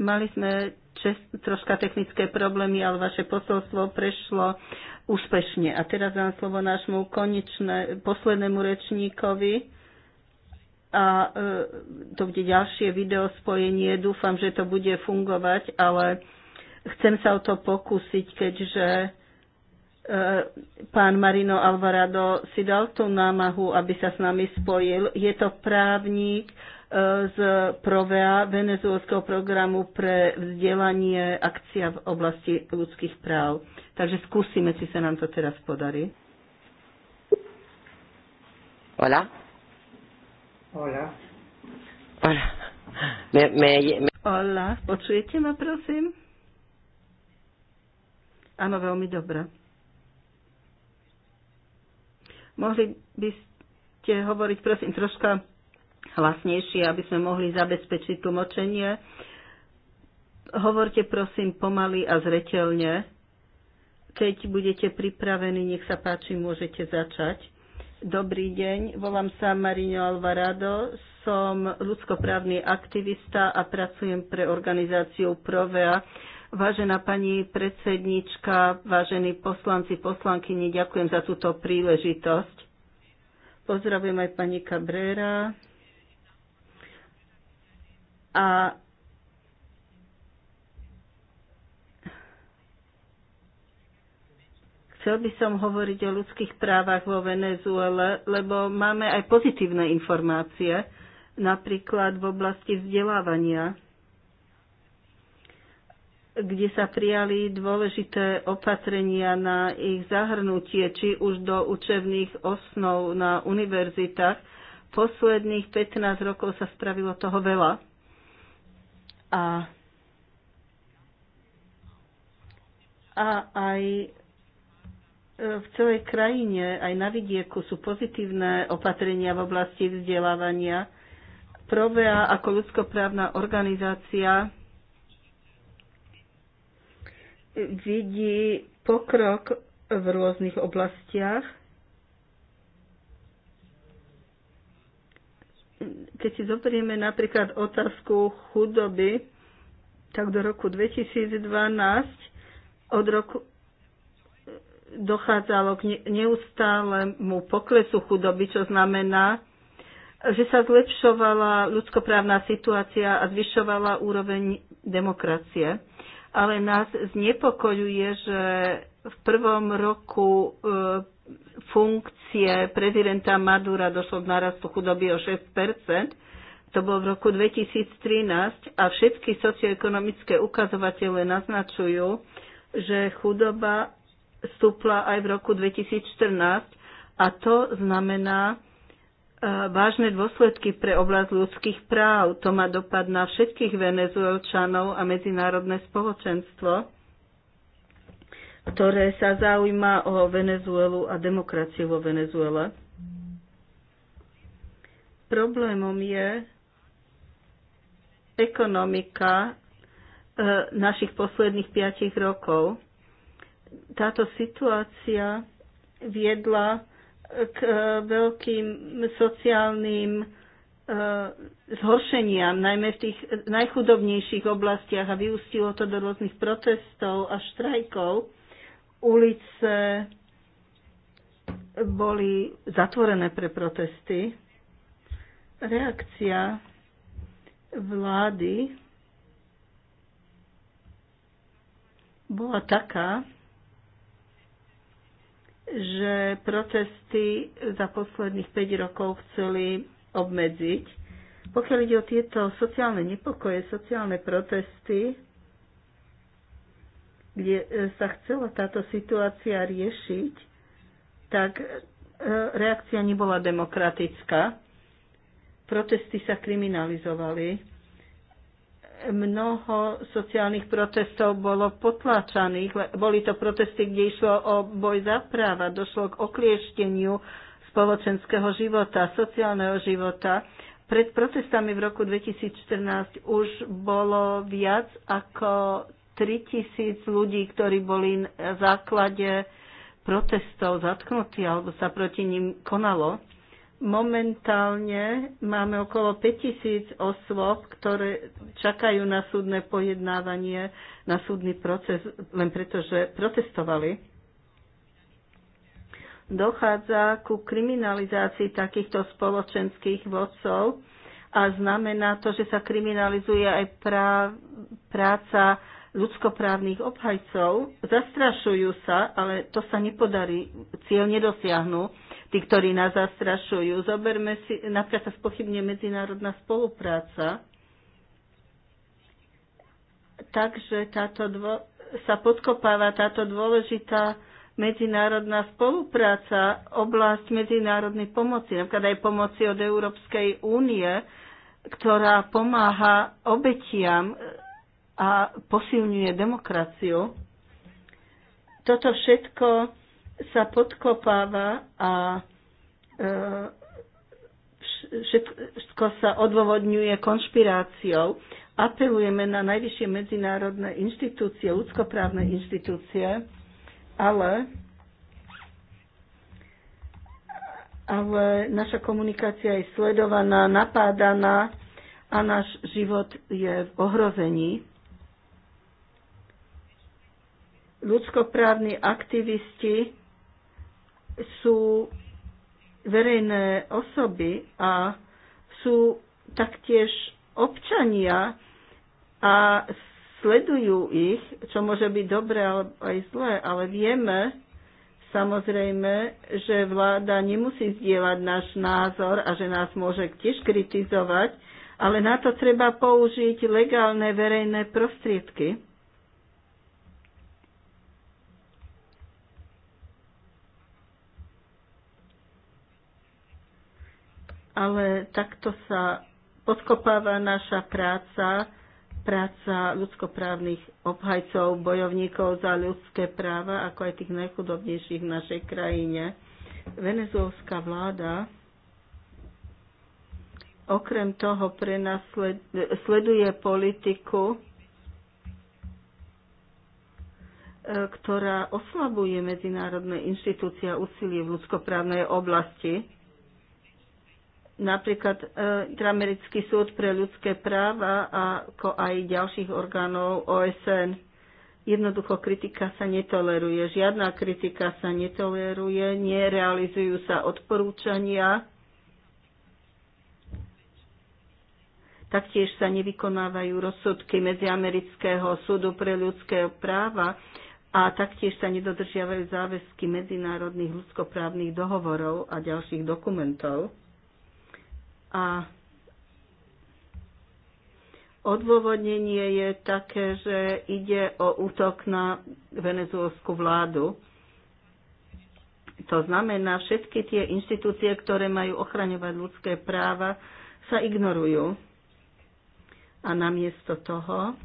Mali sme čest, troška technické problémy, ale vaše posolstvo prešlo úspešne. A teraz dám slovo nášmu konečné, poslednému rečníkovi a e, to bude ďalšie video spojenie. Dúfam, že to bude fungovať, ale chcem sa o to pokúsiť, keďže e, pán Marino Alvarado si dal tú námahu, aby sa s nami spojil. Je to právnik e, z PROVEA, venezuelského programu pre vzdelanie akcia v oblasti ľudských práv. Takže skúsime, či sa nám to teraz podarí.
Hola. Hola. Hola. Me, me, me... Hola, počujete ma, prosím?
Áno, veľmi dobre. Mohli by ste hovoriť, prosím, troška hlasnejšie, aby sme mohli zabezpečiť tlmočenie. Hovorte, prosím, pomaly a zretelne. Keď budete pripravení, nech sa páči, môžete začať. Dobrý deň, volám sa Marino Alvarado, som ľudskoprávny aktivista a pracujem pre organizáciu Provea. Vážená pani predsednička, vážení poslanci, poslankyni, ďakujem za túto príležitosť. Pozdravujem aj pani Cabrera a Chcel by som hovoriť o ľudských právach vo Venezuele, lebo máme aj pozitívne informácie, napríklad v oblasti vzdelávania, kde sa prijali dôležité opatrenia na ich zahrnutie, či už do učebných osnov na univerzitách. Posledných 15 rokov sa spravilo toho veľa. A, a aj v celej krajine, aj na vidieku, sú pozitívne opatrenia v oblasti vzdelávania. Provea ako ľudskoprávna organizácia vidí pokrok v rôznych oblastiach. Keď si zoberieme napríklad otázku chudoby, tak do roku 2012 od roku dochádzalo k neustálemu poklesu chudoby, čo znamená, že sa zlepšovala ľudskoprávna situácia a zvyšovala úroveň demokracie. Ale nás znepokojuje, že v prvom roku e, funkcie prezidenta Madura došlo k narastu chudoby o 6 to bol v roku 2013 a všetky socioekonomické ukazovatele naznačujú, že chudoba stúpla aj v roku 2014 a to znamená e, vážne dôsledky pre oblasť ľudských práv. To má dopad na všetkých venezuelčanov a medzinárodné spoločenstvo, ktoré sa zaujíma o Venezuelu a demokraciu vo Venezuele. Problémom je ekonomika e, našich posledných piatich rokov táto situácia viedla k e, veľkým sociálnym e, zhoršeniam, najmä v tých najchudobnejších oblastiach a vyústilo to do rôznych protestov a štrajkov. Ulice boli zatvorené pre protesty. Reakcia vlády bola taká, že protesty za posledných 5 rokov chceli obmedziť. Pokiaľ ide o tieto sociálne nepokoje, sociálne protesty, kde e, sa chcela táto situácia riešiť, tak e, reakcia nebola demokratická. Protesty sa kriminalizovali mnoho sociálnych protestov bolo potláčaných. Boli to protesty, kde išlo o boj za práva, došlo k okliešteniu spoločenského života, sociálneho života. Pred protestami v roku 2014 už bolo viac ako 3000 ľudí, ktorí boli na základe protestov zatknutí alebo sa proti ním konalo. Momentálne máme okolo 5000 osôb, ktoré čakajú na súdne pojednávanie, na súdny proces, len preto, že protestovali. Dochádza ku kriminalizácii takýchto spoločenských vodcov a znamená to, že sa kriminalizuje aj prá- práca ľudskoprávnych obhajcov. Zastrašujú sa, ale to sa nepodarí, cieľ nedosiahnu tí, ktorí nás zastrašujú. Zoberme si, napríklad sa spochybne medzinárodná spolupráca. Takže táto dvo, sa podkopáva táto dôležitá medzinárodná spolupráca, oblasť medzinárodnej pomoci, napríklad aj pomoci od Európskej únie, ktorá pomáha obetiam a posilňuje demokraciu. Toto všetko sa podkopáva a e, všetko sa odôvodňuje konšpiráciou. Apelujeme na najvyššie medzinárodné inštitúcie, ľudskoprávne inštitúcie, ale, ale naša komunikácia je sledovaná, napádaná a náš život je v ohrození. Ľudskoprávni aktivisti sú verejné osoby a sú taktiež občania a sledujú ich, čo môže byť dobré alebo aj zlé, ale vieme samozrejme, že vláda nemusí zdieľať náš názor a že nás môže tiež kritizovať, ale na to treba použiť legálne verejné prostriedky. ale takto sa podkopáva naša práca, práca ľudskoprávnych obhajcov, bojovníkov za ľudské práva, ako aj tých najchudobnejších v našej krajine. Venezuelská vláda okrem toho pre nás sleduje politiku, e, ktorá oslabuje medzinárodné inštitúcie a úsilie v ľudskoprávnej oblasti napríklad e, Intramerický súd pre ľudské práva ako aj ďalších orgánov OSN. Jednoducho kritika sa netoleruje, žiadna kritika sa netoleruje, nerealizujú sa odporúčania, taktiež sa nevykonávajú rozsudky Medziamerického súdu pre ľudské práva a taktiež sa nedodržiavajú záväzky medzinárodných ľudskoprávnych dohovorov a ďalších dokumentov. A odôvodnenie je také, že ide o útok na venezuelskú vládu. To znamená, všetky tie inštitúcie, ktoré majú ochraňovať ľudské práva, sa ignorujú. A namiesto toho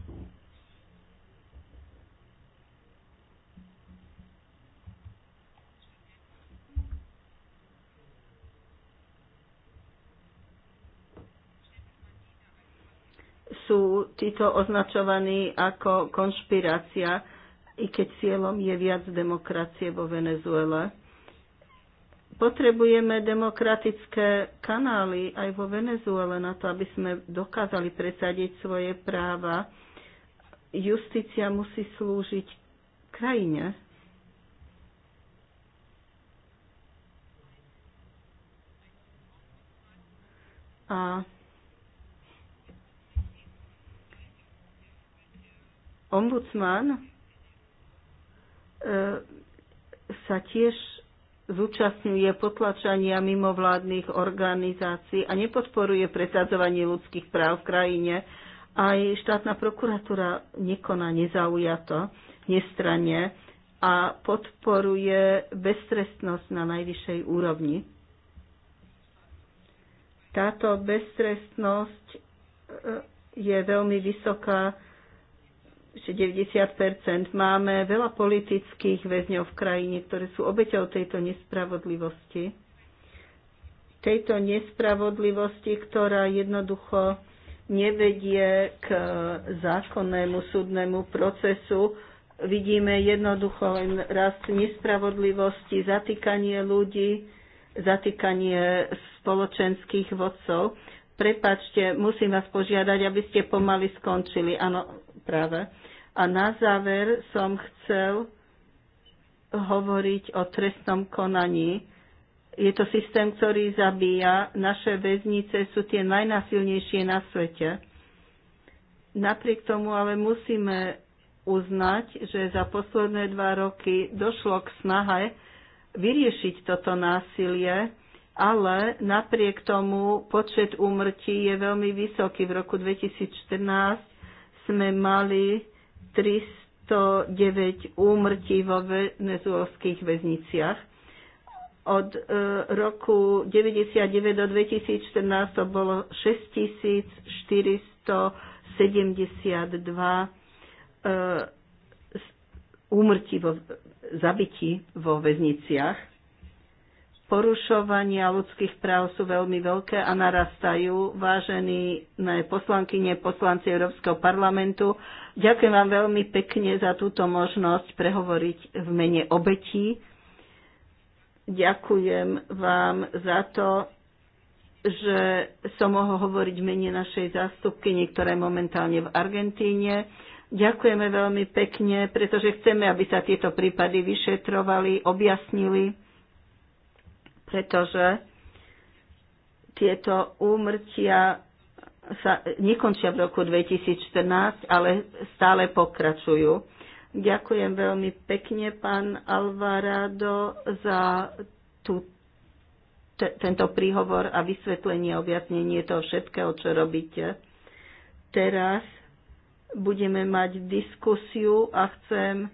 sú títo označovaní ako konšpirácia, i keď cieľom je viac demokracie vo Venezuele. Potrebujeme demokratické kanály aj vo Venezuele na to, aby sme dokázali presadiť svoje práva. Justícia musí slúžiť krajine. A Ombudsman e, sa tiež zúčastňuje potlačania mimovládnych organizácií a nepodporuje presadzovanie ľudských práv v krajine. Aj štátna prokuratúra nekoná nezaujato, nestranne a podporuje beztrestnosť na najvyššej úrovni. Táto beztrestnosť e, je veľmi vysoká 90 Máme veľa politických väzňov v krajine, ktoré sú obeťou tejto nespravodlivosti. Tejto nespravodlivosti, ktorá jednoducho nevedie k zákonnému súdnemu procesu. Vidíme jednoducho len rast nespravodlivosti, zatýkanie ľudí, zatýkanie spoločenských vodcov. Prepačte, musím vás požiadať, aby ste pomaly skončili. Áno, práve. A na záver som chcel hovoriť o trestnom konaní. Je to systém, ktorý zabíja. Naše väznice sú tie najnasilnejšie na svete. Napriek tomu ale musíme uznať, že za posledné dva roky došlo k snahe vyriešiť toto násilie, ale napriek tomu počet úmrtí je veľmi vysoký. V roku 2014 sme mali 309 úmrtí vo venezuelských väzniciach. Od e, roku 1999 do 2014 to bolo 6472 e, úmrtí vo, zabití vo väzniciach Porušovania ľudských práv sú veľmi veľké a narastajú. Vážení poslankyne, poslanci Európskeho parlamentu, ďakujem vám veľmi pekne za túto možnosť prehovoriť v mene obetí. Ďakujem vám za to, že som mohol hovoriť v mene našej zástupky, niektoré momentálne v Argentíne. Ďakujeme veľmi pekne, pretože chceme, aby sa tieto prípady vyšetrovali, objasnili pretože tieto úmrtia sa nekončia v roku 2014, ale stále pokračujú. Ďakujem veľmi pekne, pán Alvarado, za tú, te, tento príhovor a vysvetlenie, objasnenie toho všetkého, čo robíte. Teraz budeme mať diskusiu a chcem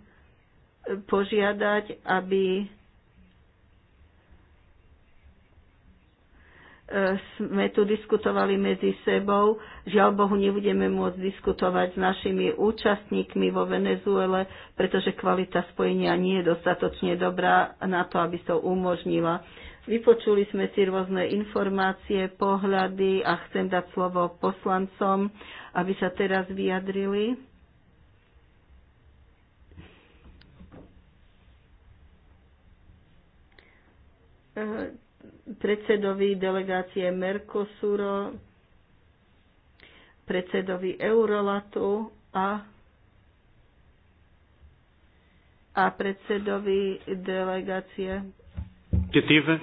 požiadať, aby sme tu diskutovali medzi sebou. Žiaľ Bohu, nebudeme môcť diskutovať s našimi účastníkmi vo Venezuele, pretože kvalita spojenia nie je dostatočne dobrá na to, aby to umožnila. Vypočuli sme si rôzne informácie, pohľady a chcem dať slovo poslancom, aby sa teraz vyjadrili. E predsedovi delegácie Mercosuro, predsedovi Eurolatu a a predsedovi delegácie.
Eh,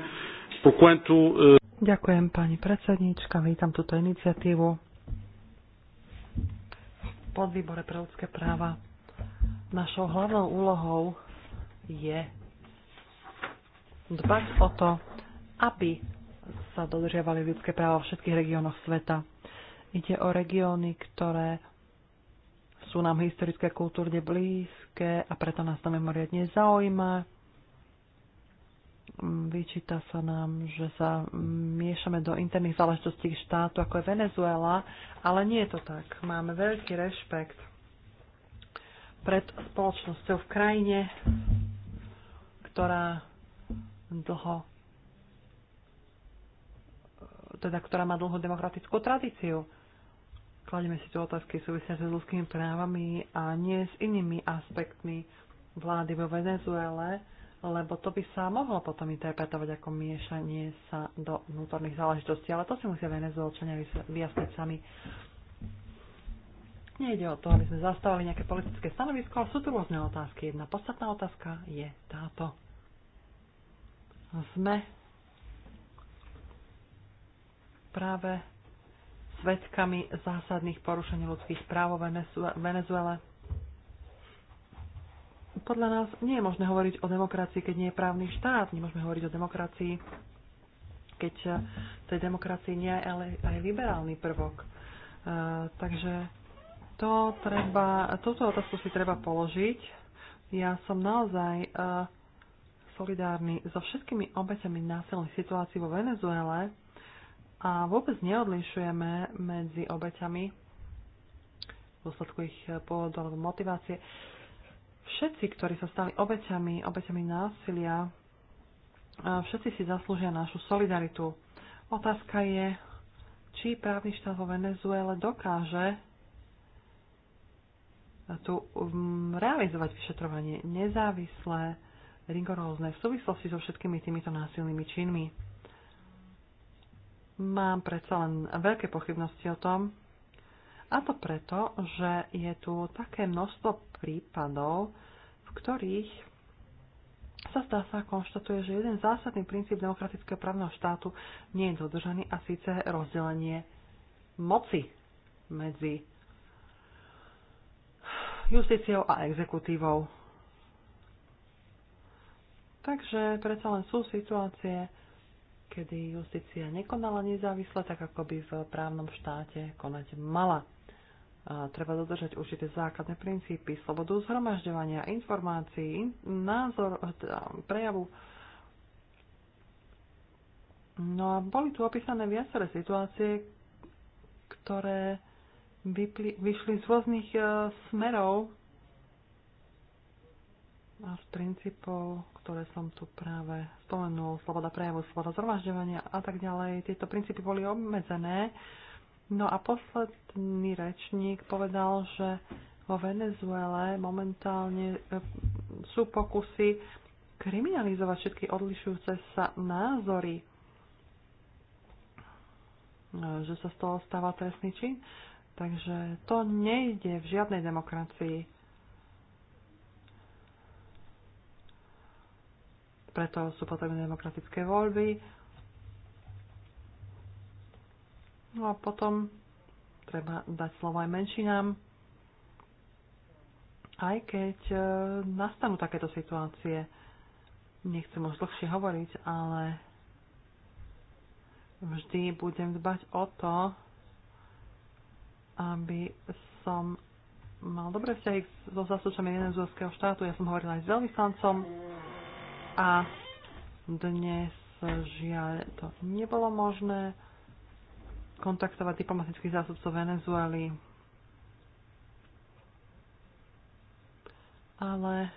Ďakujem pani predsednička, vítam túto iniciatívu v podvýbore pre ľudské práva. Našou hlavnou úlohou je dbať o to, aby sa dodržiavali ľudské práva vo všetkých regiónoch sveta. Ide o regióny, ktoré sú nám historické a kultúrne blízke a preto nás to mimoriadne zaujíma. Mm, vyčíta sa nám, že sa miešame do interných záležitostí štátu, ako je Venezuela, ale nie je to tak. Máme veľký rešpekt pred spoločnosťou v krajine, ktorá dlho teda, ktorá má dlhú demokratickú tradíciu. Kladieme si tu otázky súvisiace s ľudskými právami a nie s inými aspektmi vlády vo Venezuele, lebo to by sa mohlo potom interpretovať ako miešanie sa do vnútorných záležitostí, ale to si musia Venezuelčania vyjasniť sami. Nejde o to, aby sme zastávali nejaké politické stanovisko, ale sú tu rôzne otázky. Jedna podstatná otázka je táto. Sme práve svetkami zásadných porušení ľudských práv v Venezuele. Podľa nás nie je možné hovoriť o demokracii, keď nie je právny štát. Nemôžeme hovoriť o demokracii, keď eh, tej demokracii nie je ale aj liberálny prvok. Uh, takže to treba, túto otázku si treba položiť. Ja som naozaj uh, solidárny so všetkými obeťami násilných situácií vo Venezuele, a vôbec neodlišujeme medzi obeťami v dôsledku ich pôvodu alebo motivácie. Všetci, ktorí sa stali obeťami, obeťami násilia, všetci si zaslúžia našu solidaritu. Otázka je, či právny štát vo Venezuele dokáže tu mm, realizovať vyšetrovanie nezávislé, rigorózne v súvislosti so všetkými týmito násilnými činmi mám predsa len veľké pochybnosti o tom. A to preto, že je tu také množstvo prípadov, v ktorých sa zdá sa konštatuje, že jeden zásadný princíp demokratického právneho štátu nie je dodržaný a síce rozdelenie moci medzi justíciou a exekutívou. Takže predsa len sú situácie, kedy justícia nekonala nezávisle, tak ako by v právnom štáte konať mala. A treba dodržať určité základné princípy, slobodu zhromažďovania informácií, názor, prejavu. No a boli tu opísané viaceré situácie, ktoré vypli, vyšli z rôznych uh, smerov a z princípov ktoré som tu práve spomenul, sloboda prejavu, sloboda zhromažďovania a tak ďalej, tieto princípy boli obmedzené. No a posledný rečník povedal, že vo Venezuele momentálne e, sú pokusy kriminalizovať všetky odlišujúce sa názory, e, že sa z toho stáva trestný čin. Takže to nejde v žiadnej demokracii. preto sú potrebné demokratické voľby. No a potom treba dať slovo aj menšinám, aj keď e, nastanú takéto situácie. Nechcem už dlhšie hovoriť, ale vždy budem dbať o to, aby som mal dobré vzťahy so zastupcami venezuelského štátu. Ja som hovorila aj s veľvyslancom a dnes žiaľ to nebolo možné kontaktovať diplomatických zástupcov Venezuely. Ale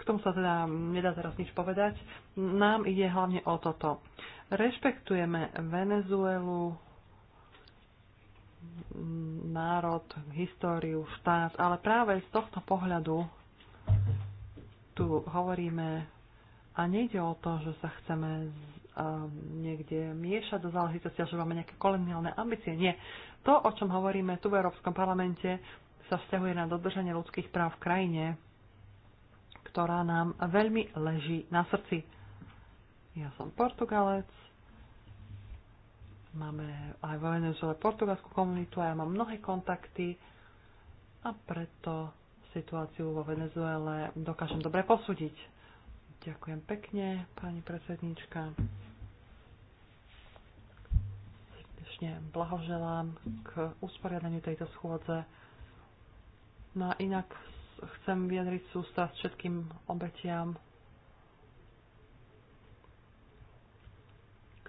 k tomu sa teda nedá teraz nič povedať. Nám ide hlavne o toto. Rešpektujeme Venezuelu, národ, históriu, štát, ale práve z tohto pohľadu tu hovoríme a nejde o to, že sa chceme um, niekde miešať do záležitosti, že máme nejaké koloniálne ambície. Nie. To, o čom hovoríme tu v Európskom parlamente, sa vzťahuje na dodržanie ľudských práv v krajine, ktorá nám veľmi leží na srdci. Ja som Portugalec, Máme aj vo Venezuele portugalskú komunitu a ja mám mnohé kontakty a preto situáciu vo Venezuele dokážem dobre posúdiť. Ďakujem pekne, pani predsednička. Srdečne blahoželám k usporiadaniu tejto schôdze. No a inak chcem vyjadriť sústrasť všetkým obetiam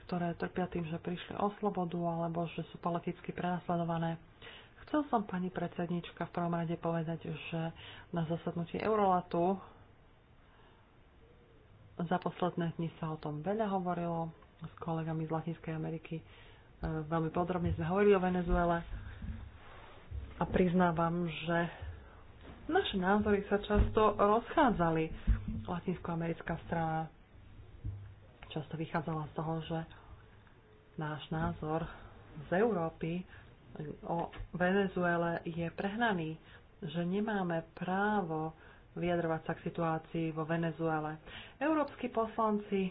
ktoré trpia tým, že prišli o slobodu alebo že sú politicky prenasledované. Chcel som pani predsednička v prvom rade povedať, že na zasadnutí Eurolatu za posledné dni sa o tom veľa hovorilo s kolegami z Latinskej Ameriky. E, veľmi podrobne sme hovorili o Venezuele a priznávam, že naše názory sa často rozchádzali. Latinskoamerická strana často vychádzala z toho, že náš názor z Európy o Venezuele je prehnaný, že nemáme právo vyjadrovať sa k situácii vo Venezuele. Európsky poslanci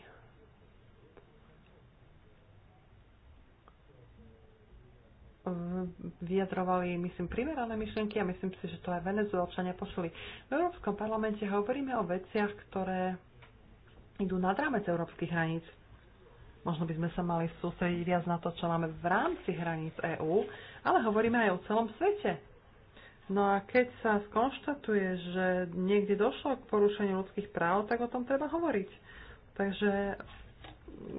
vyjadrovali, myslím, primerané myšlienky a myslím si, že to aj venezuelčania pošli. V Európskom parlamente hovoríme o veciach, ktoré idú nad rámec európskych hraníc. Možno by sme sa mali sústrediť viac na to, čo máme v rámci hraníc EÚ, ale hovoríme aj o celom svete. No a keď sa skonštatuje, že niekde došlo k porušeniu ľudských práv, tak o tom treba hovoriť. Takže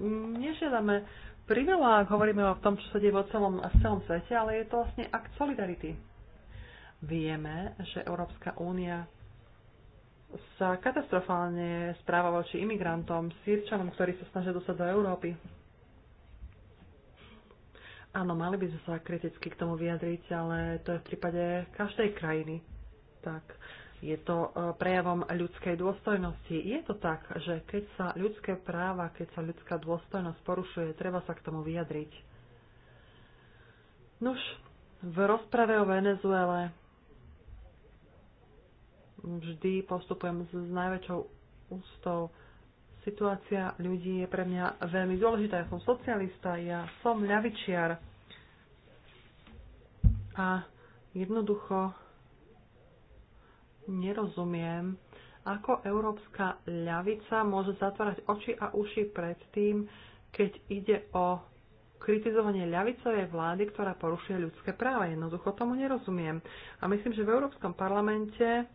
mm, nežiadame priveľa, ak hovoríme o tom, čo sa deje vo celom, v celom svete, ale je to vlastne akt solidarity. Vieme, že Európska únia sa katastrofálne správa voči imigrantom, sírčanom, ktorí sa snažia dostať do Európy. Áno, mali by sme sa kriticky k tomu vyjadriť, ale to je v prípade každej krajiny. Tak je to e, prejavom ľudskej dôstojnosti. Je to tak, že keď sa ľudské práva, keď sa ľudská dôstojnosť porušuje, treba sa k tomu vyjadriť. Nuž, v rozprave o Venezuele vždy postupujem s, najväčšou ústou. Situácia ľudí je pre mňa veľmi dôležitá. Ja som socialista, ja som ľavičiar. A jednoducho nerozumiem, ako európska ľavica môže zatvárať oči a uši pred tým, keď ide o kritizovanie ľavicovej vlády, ktorá porušuje ľudské práva. Jednoducho tomu nerozumiem. A myslím, že v Európskom parlamente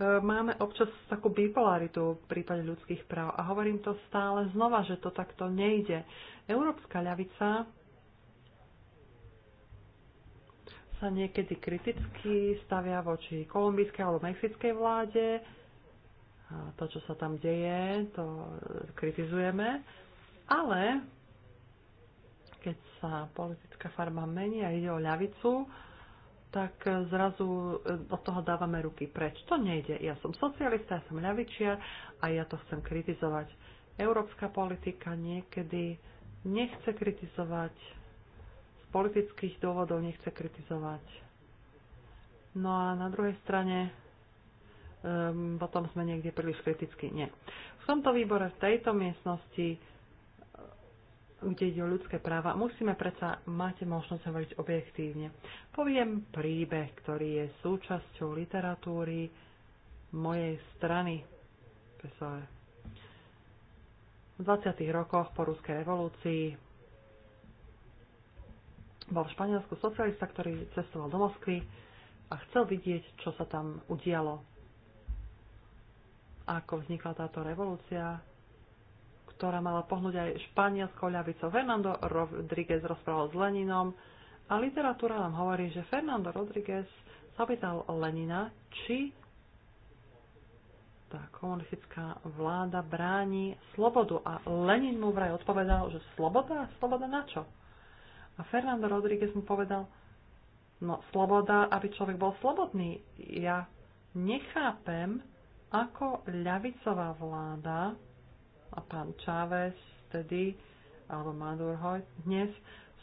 E, máme občas takú bipolaritu v prípade ľudských práv a hovorím to stále znova, že to takto nejde. Európska ľavica sa niekedy kriticky stavia voči kolumbijskej alebo mexickej vláde. A to, čo sa tam deje, to kritizujeme. Ale keď sa politická farba mení a ide o ľavicu, tak zrazu e, od toho dávame ruky preč. To nejde. Ja som socialista, ja som ľavičia a ja to chcem kritizovať. Európska politika niekedy nechce kritizovať z politických dôvodov, nechce kritizovať. No a na druhej strane um, potom sme niekde príliš kriticky. Nie. V tomto výbore, v tejto miestnosti kde ide o ľudské práva, musíme predsa mať možnosť hovoriť objektívne. Poviem príbeh, ktorý je súčasťou literatúry mojej strany. V 20. rokoch po ruskej revolúcii bol v Španielsku socialista, ktorý cestoval do Moskvy a chcel vidieť, čo sa tam udialo. Ako vznikla táto revolúcia, ktorá mala pohnúť aj španielskou ľavicou. Fernando Rodríguez rozprával s Leninom a literatúra nám hovorí, že Fernando Rodríguez sa opýtal Lenina, či tá komunistická vláda bráni slobodu. A Lenin mu vraj odpovedal, že sloboda? Sloboda na čo? A Fernando Rodríguez mu povedal, no sloboda, aby človek bol slobodný. Ja nechápem, ako ľavicová vláda a pán Chávez vtedy, alebo Maduro dnes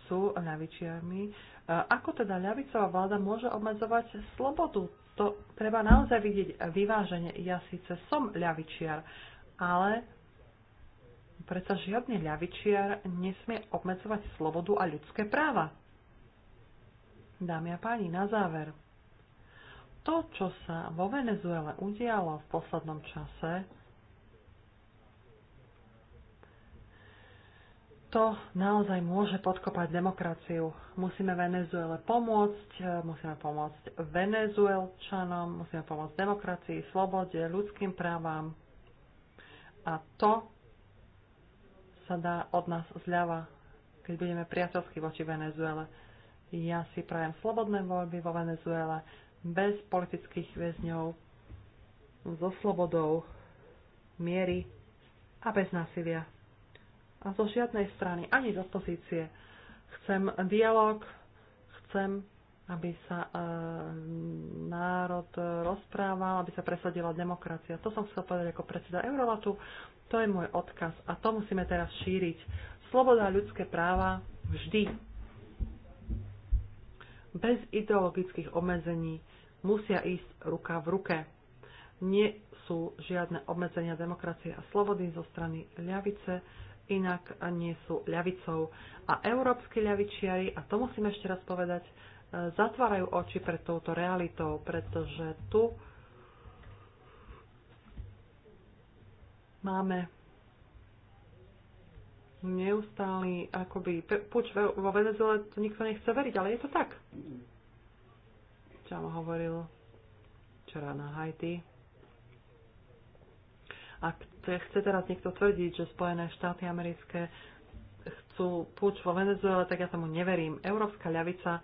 sú ľavičiarmi. E, ako teda ľavicová vláda môže obmedzovať slobodu? To treba naozaj vidieť vyváženie. Ja síce som ľavičiar, ale predsa žiadny ľavičiar nesmie obmedzovať slobodu a ľudské práva. Dámy a páni, na záver. To, čo sa vo Venezuele udialo v poslednom čase, to naozaj môže podkopať demokraciu. Musíme Venezuele pomôcť, e, musíme pomôcť venezuelčanom, musíme pomôcť demokracii, slobode, ľudským právam. A to sa dá od nás zľava, keď budeme priateľskí voči Venezuele. Ja si prajem slobodné voľby vo Venezuele, bez politických väzňov, so slobodou, miery a bez násilia a zo žiadnej strany, ani z opozície. Chcem dialog, chcem, aby sa e, národ rozprával, aby sa presadila demokracia. To som chcel povedať ako predseda Eurolatu. To je môj odkaz a to musíme teraz šíriť. Sloboda a ľudské práva vždy. Bez ideologických obmedzení musia ísť ruka v ruke. Nie sú žiadne obmedzenia demokracie a slobody zo strany ľavice, inak nie sú ľavicou. A európsky ľavičiari, a to musím ešte raz povedať, e, zatvárajú oči pred touto realitou, pretože tu máme neustály akoby puč vo Venezuele, to nikto nechce veriť, ale je to tak. Čo hovoril včera na Haiti. Ak chce teraz niekto tvrdiť, že Spojené štáty americké chcú púč vo Venezuele, tak ja tomu neverím. Európska ľavica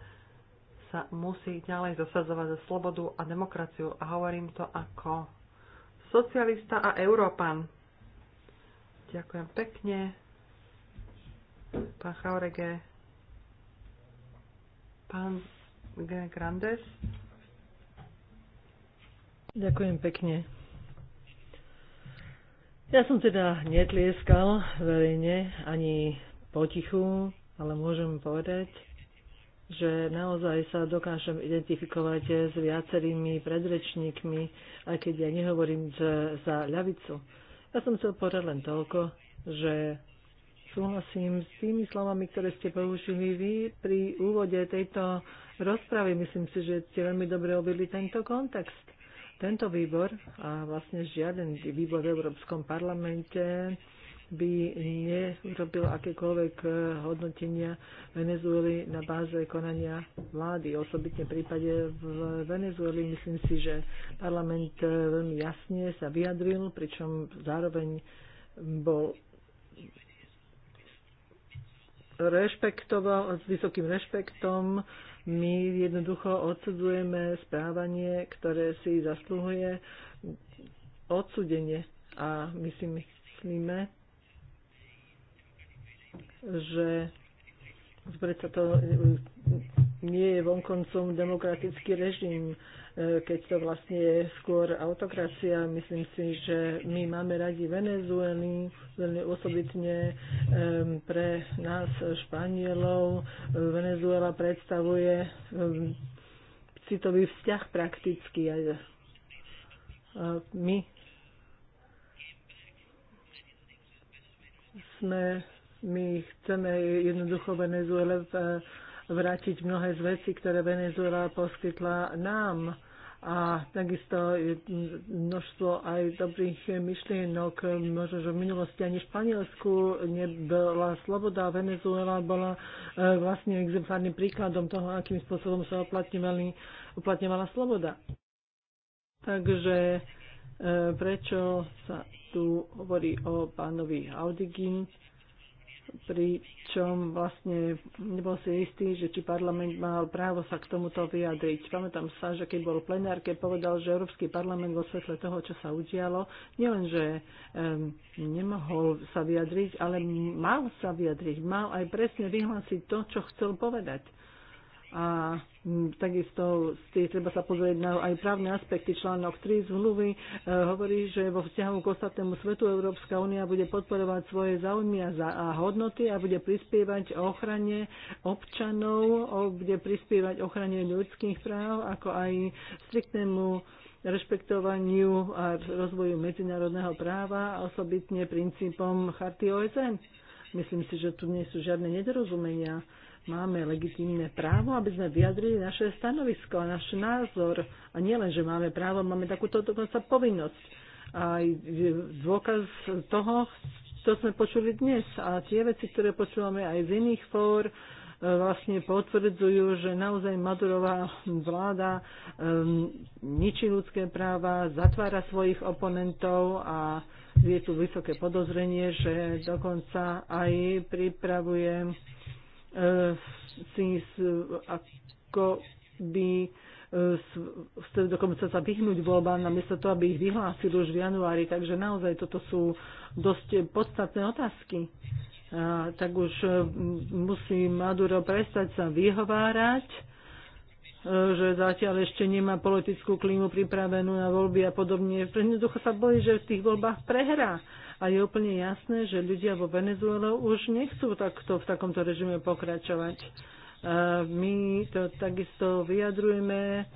sa musí ďalej zasadzovať za slobodu a demokraciu a hovorím to ako socialista a Európan. Ďakujem pekne. Pán Chaurege. Pán Grandes. Ďakujem pekne. Ja som teda netlieskal
verejne ani potichu, ale môžem povedať, že naozaj sa dokážem identifikovať s viacerými predrečníkmi, aj keď ja nehovorím že za ľavicu. Ja som chcel povedať len toľko, že súhlasím s tými slovami, ktoré ste použili vy pri úvode tejto rozpravy. Myslím si, že ste veľmi dobre obili tento kontext. Tento výbor a vlastne žiaden výbor v Európskom parlamente by neurobil akékoľvek eh, hodnotenia Venezuely na báze konania vlády. Osobitne v prípade v Venezueli myslím si, že parlament eh, veľmi jasne sa vyjadril, pričom zároveň bol rešpektoval, s vysokým rešpektom my jednoducho odsudzujeme správanie, ktoré si zasluhuje odsudenie a my si myslíme, že predsa to nie je vonkoncom demokratický režim. E, keď to vlastne je skôr autokracia. Myslím si, že my máme radi veľmi osobitne pre nás Španielov. Venezuela predstavuje citový vzťah prakticky. A my sme, my chceme jednoducho Venezuele v vrátiť mnohé z veci, ktoré Venezuela poskytla nám a takisto množstvo aj dobrých myšlienok. Možno, že v minulosti ani v Španielsku nebola sloboda. Venezuela bola e, vlastne exemplárnym príkladom toho, akým spôsobom sa uplatňovala sloboda. Takže e, prečo sa tu hovorí o pánovi Audigin? pričom vlastne nebol si istý, že či parlament mal právo sa k tomuto vyjadriť. Pamätám sa, že keď bol v plenárke, povedal, že Európsky parlament vo svetle toho, čo sa udialo, nielenže um, nemohol sa vyjadriť, ale mal sa vyjadriť, mal aj presne vyhlásiť to, čo chcel povedať. A Mm, takisto treba sa pozrieť na aj právne aspekty. Článok 3 zmluvy e, hovorí, že vo vzťahu k ostatnému svetu Európska únia bude podporovať svoje záujmy a, a hodnoty a bude prispievať ochrane občanov, bude prispievať ochrane ľudských práv, ako aj striktnému rešpektovaniu a rozvoju medzinárodného práva a osobitne princípom charty OSN. Myslím si, že tu nie sú žiadne nedorozumenia máme legitímne právo, aby sme vyjadrili naše stanovisko a náš názor. A nie len že máme právo, máme takúto dokonca povinnosť. A dôkaz toho, čo sme počuli dnes a tie veci, ktoré počúvame aj z iných fór, e, vlastne potvrdzujú, že naozaj Madurová vláda um, ničí ľudské práva, zatvára svojich oponentov a je tu vysoké podozrenie, že dokonca aj pripravuje si ako by e, chceli dokonca sa vyhnúť voľbám, namiesto toho, aby ich vyhlásili už v januári. Takže naozaj toto sú dosť podstatné otázky. A, tak už e, musí Maduro prestať sa vyhovárať, e, že zatiaľ ešte nemá politickú klímu pripravenú na voľby a podobne. Jednoducho sa bojí, že v tých voľbách prehrá a je úplne jasné, že ľudia vo Venezuele už nechcú takto v takomto režime pokračovať. My to takisto vyjadrujeme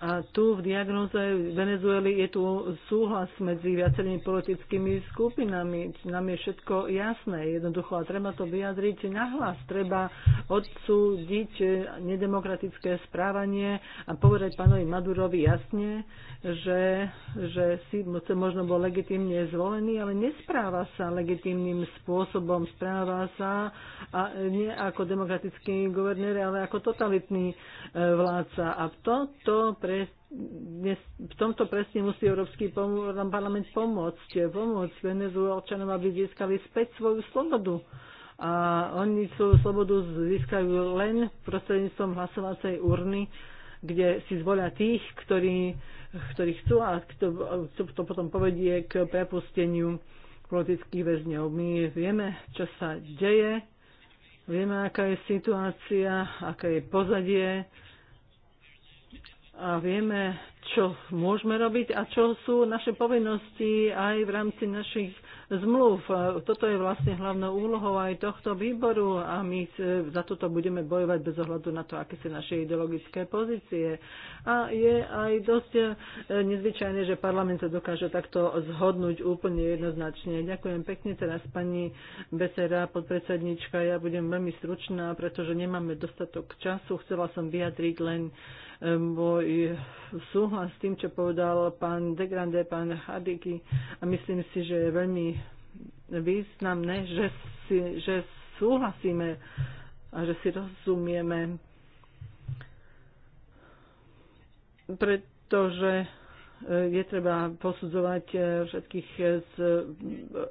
a tu v diagnoze Venezuely je tu súhlas medzi viacerými politickými skupinami. Nám je všetko jasné, jednoducho. A treba to vyjadriť nahlas. Treba odsúdiť nedemokratické správanie a povedať pánovi Madurovi jasne, že, že si možno bol legitimne zvolený, ale nespráva sa legitimným spôsobom. Správa sa a nie ako demokratický guvernér, ale ako totalitný e, vládca. A toto pre pres, v tomto presne musí Európsky parlament pomôcť, pomôcť Venezuelčanom, aby získali späť svoju slobodu. A oni svoju slobodu získajú len prostredníctvom hlasovacej urny, kde si zvolia tých, ktorí, ktorí chcú a to, to potom povedie k prepusteniu politických väzňov. My vieme, čo sa deje, vieme, aká je situácia, aké je pozadie, a vieme, čo môžeme robiť a čo sú naše povinnosti aj v rámci našich zmluv. Toto je vlastne hlavnou úlohou aj tohto výboru a my e, za toto budeme bojovať bez ohľadu na to, aké sú naše ideologické pozície. A je aj dosť e, nezvyčajné, že parlament sa dokáže takto zhodnúť úplne jednoznačne. Ďakujem pekne teraz pani Becera, podpredsednička. Ja budem veľmi stručná, pretože nemáme dostatok času. Chcela som vyjadriť len môj súhlas s tým, čo povedal pán De Grande, pán Hadiki. a myslím si, že je veľmi významné, že, si, že súhlasíme a že si rozumieme, pretože E, je treba posudzovať e, všetkých z, e,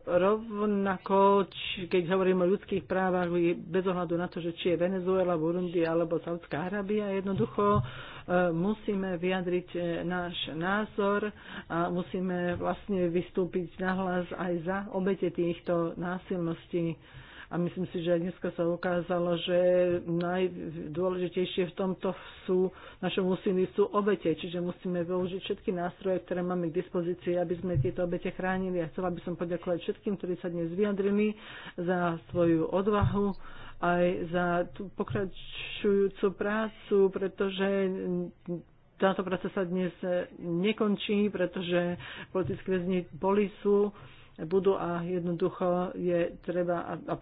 rovnako, či, keď hovoríme o ľudských právach, bez ohľadu na to, že či je Venezuela, Burundi alebo Saudská Arábia, jednoducho musíme vyjadriť náš názor a musíme vlastne vystúpiť nahlas aj za obete týchto násilností a myslím si, že aj dneska sa ukázalo, že najdôležitejšie v tomto sú, našom úsilí sú obete, čiže musíme využiť všetky nástroje, ktoré máme k dispozícii, aby sme tieto obete chránili. A chcela by som poďakovať všetkým, ktorí sa dnes vyjadrili za svoju odvahu aj za tú pokračujúcu prácu, pretože táto práca sa dnes nekončí, pretože politické väzni boli sú budú a jednoducho je treba a,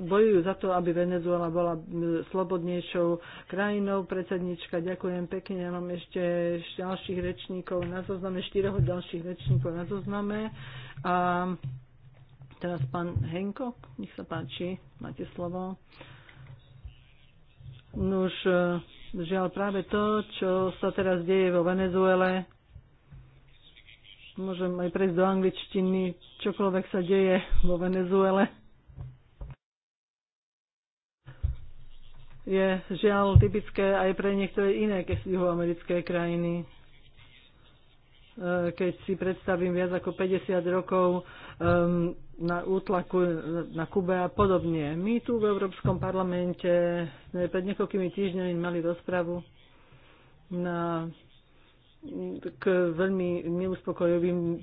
bojujú za to, aby Venezuela bola slobodnejšou krajinou. Predsednička, ďakujem pekne. Ja mám ešte ďalších rečníkov na zozname, štyroch ďalších rečníkov na zozname. A teraz pán Henko, nech sa páči, máte slovo. Nuž, e, žiaľ práve to, čo sa teraz deje vo Venezuele, môžem aj prejsť do angličtiny, čokoľvek sa deje vo Venezuele. Je žiaľ typické aj pre niektoré iné juhoamerické krajiny. E, keď si predstavím viac ako 50 rokov um, na útlaku na Kube a podobne. My tu v Európskom parlamente sme pred niekoľkými týždňami mali rozpravu na k veľmi neuspokojovým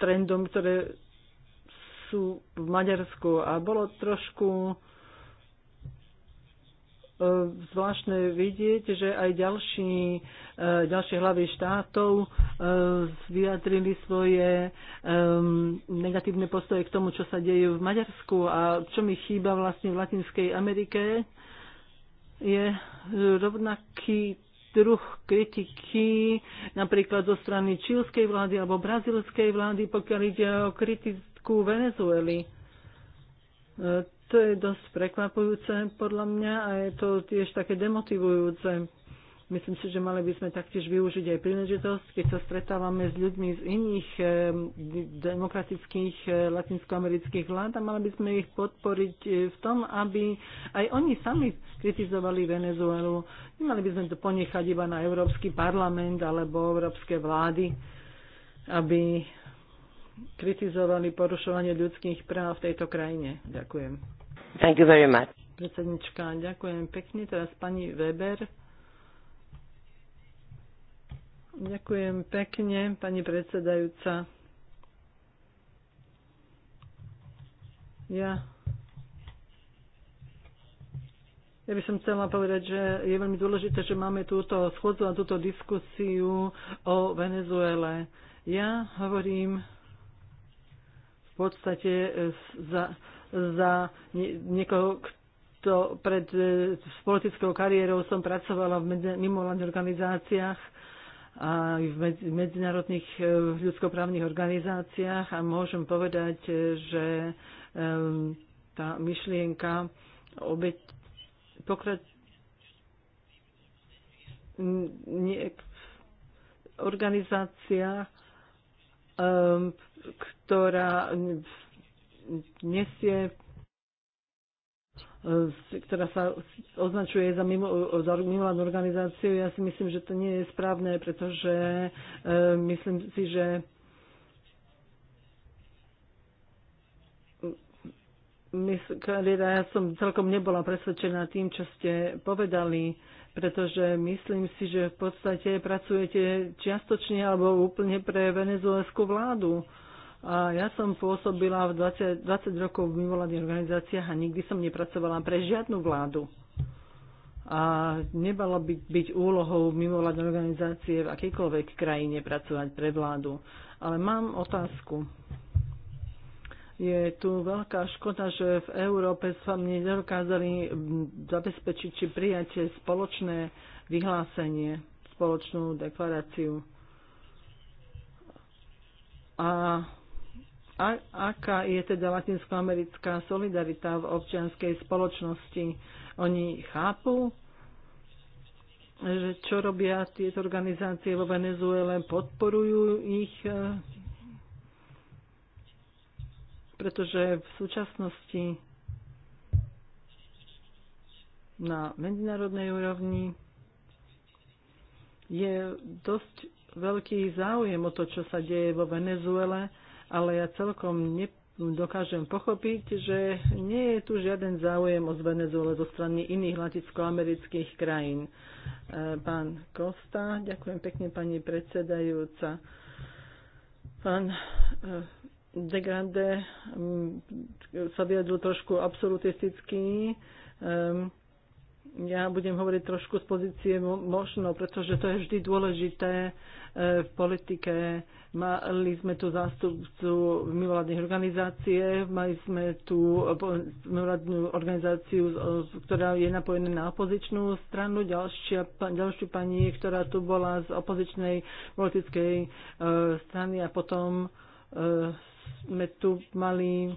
trendom, ktoré sú v Maďarsku. A bolo trošku e, zvláštne vidieť, že aj ďalší, e, ďalšie hlavy štátov e, vyjadrili svoje negatívne postoje k tomu, čo sa deje v Maďarsku a čo mi chýba vlastne v Latinskej Amerike je rovnaký druh kritiky napríklad zo strany čílskej vlády alebo brazilskej vlády, pokiaľ ide o kritiku Venezuely. E, to je dosť prekvapujúce podľa mňa a je to tiež také demotivujúce. Myslím si, že mali by sme taktiež využiť aj príležitosť, keď sa stretávame s ľuďmi z iných eh, demokratických eh, latinskoamerických vlád a mali by sme ich podporiť eh, v tom, aby aj oni sami kritizovali Venezuelu. Nemali by sme to ponechať iba na Európsky parlament alebo európske vlády, aby kritizovali porušovanie ľudských práv v tejto krajine. Ďakujem.
Thank you very much.
Predsednička, ďakujem pekne. Teraz pani Weber. Ďakujem pekne, pani predsedajúca. Ja. Ja by som chcela povedať, že je veľmi dôležité, že máme túto schodzu a túto diskusiu o Venezuele. Ja hovorím v podstate za, za niekoho, kto pred eh, politickou kariérou som pracovala v mimovládnych organizáciách a v medzinárodných e, ľudskoprávnych organizáciách a môžem povedať, e, že e, tá myšlienka obeť pokrač... Nie, organizácia, ktorá nesie E, ktorá sa označuje za, mimo, e, za mimovládnu organizáciu. Ja si myslím, že to nie je správne, pretože e, myslím si, že ja som celkom nebola presvedčená tým, čo ste povedali, pretože myslím si, že v podstate pracujete čiastočne alebo úplne pre venezuelskú vládu ja som pôsobila v 20, 20 rokov v mimovládnych organizáciách a nikdy som nepracovala pre žiadnu vládu. A nebalo by byť úlohou mimovládnej organizácie v akejkoľvek krajine pracovať pre vládu. Ale mám otázku. Je tu veľká škoda, že v Európe sa mne nedokázali zabezpečiť či prijať spoločné vyhlásenie, spoločnú deklaráciu. A a, aká je teda latinskoamerická solidarita v občianskej spoločnosti? Oni chápu, že čo robia tieto organizácie vo Venezuele, podporujú ich, e, pretože v súčasnosti na medzinárodnej úrovni je dosť veľký záujem o to, čo sa deje vo Venezuele ale ja celkom ne, dokážem pochopiť, že nie je tu žiaden záujem o Venezuele zo strany iných latinskoamerických krajín. E, pán Kosta, ďakujem pekne pani predsedajúca. Pán e, De Grande sa vyjadril trošku absolutisticky. Ehm, ja budem hovoriť trošku z pozície možno, pretože to je vždy dôležité e, v politike. Mali sme tu zástupcu mimovládnych organizácie, mali sme tu mimovládnu organizáciu, ktorá je napojená na opozičnú stranu, ďalšia, ďalšiu pani, ktorá tu bola z opozičnej politickej e, strany a potom e, sme tu mali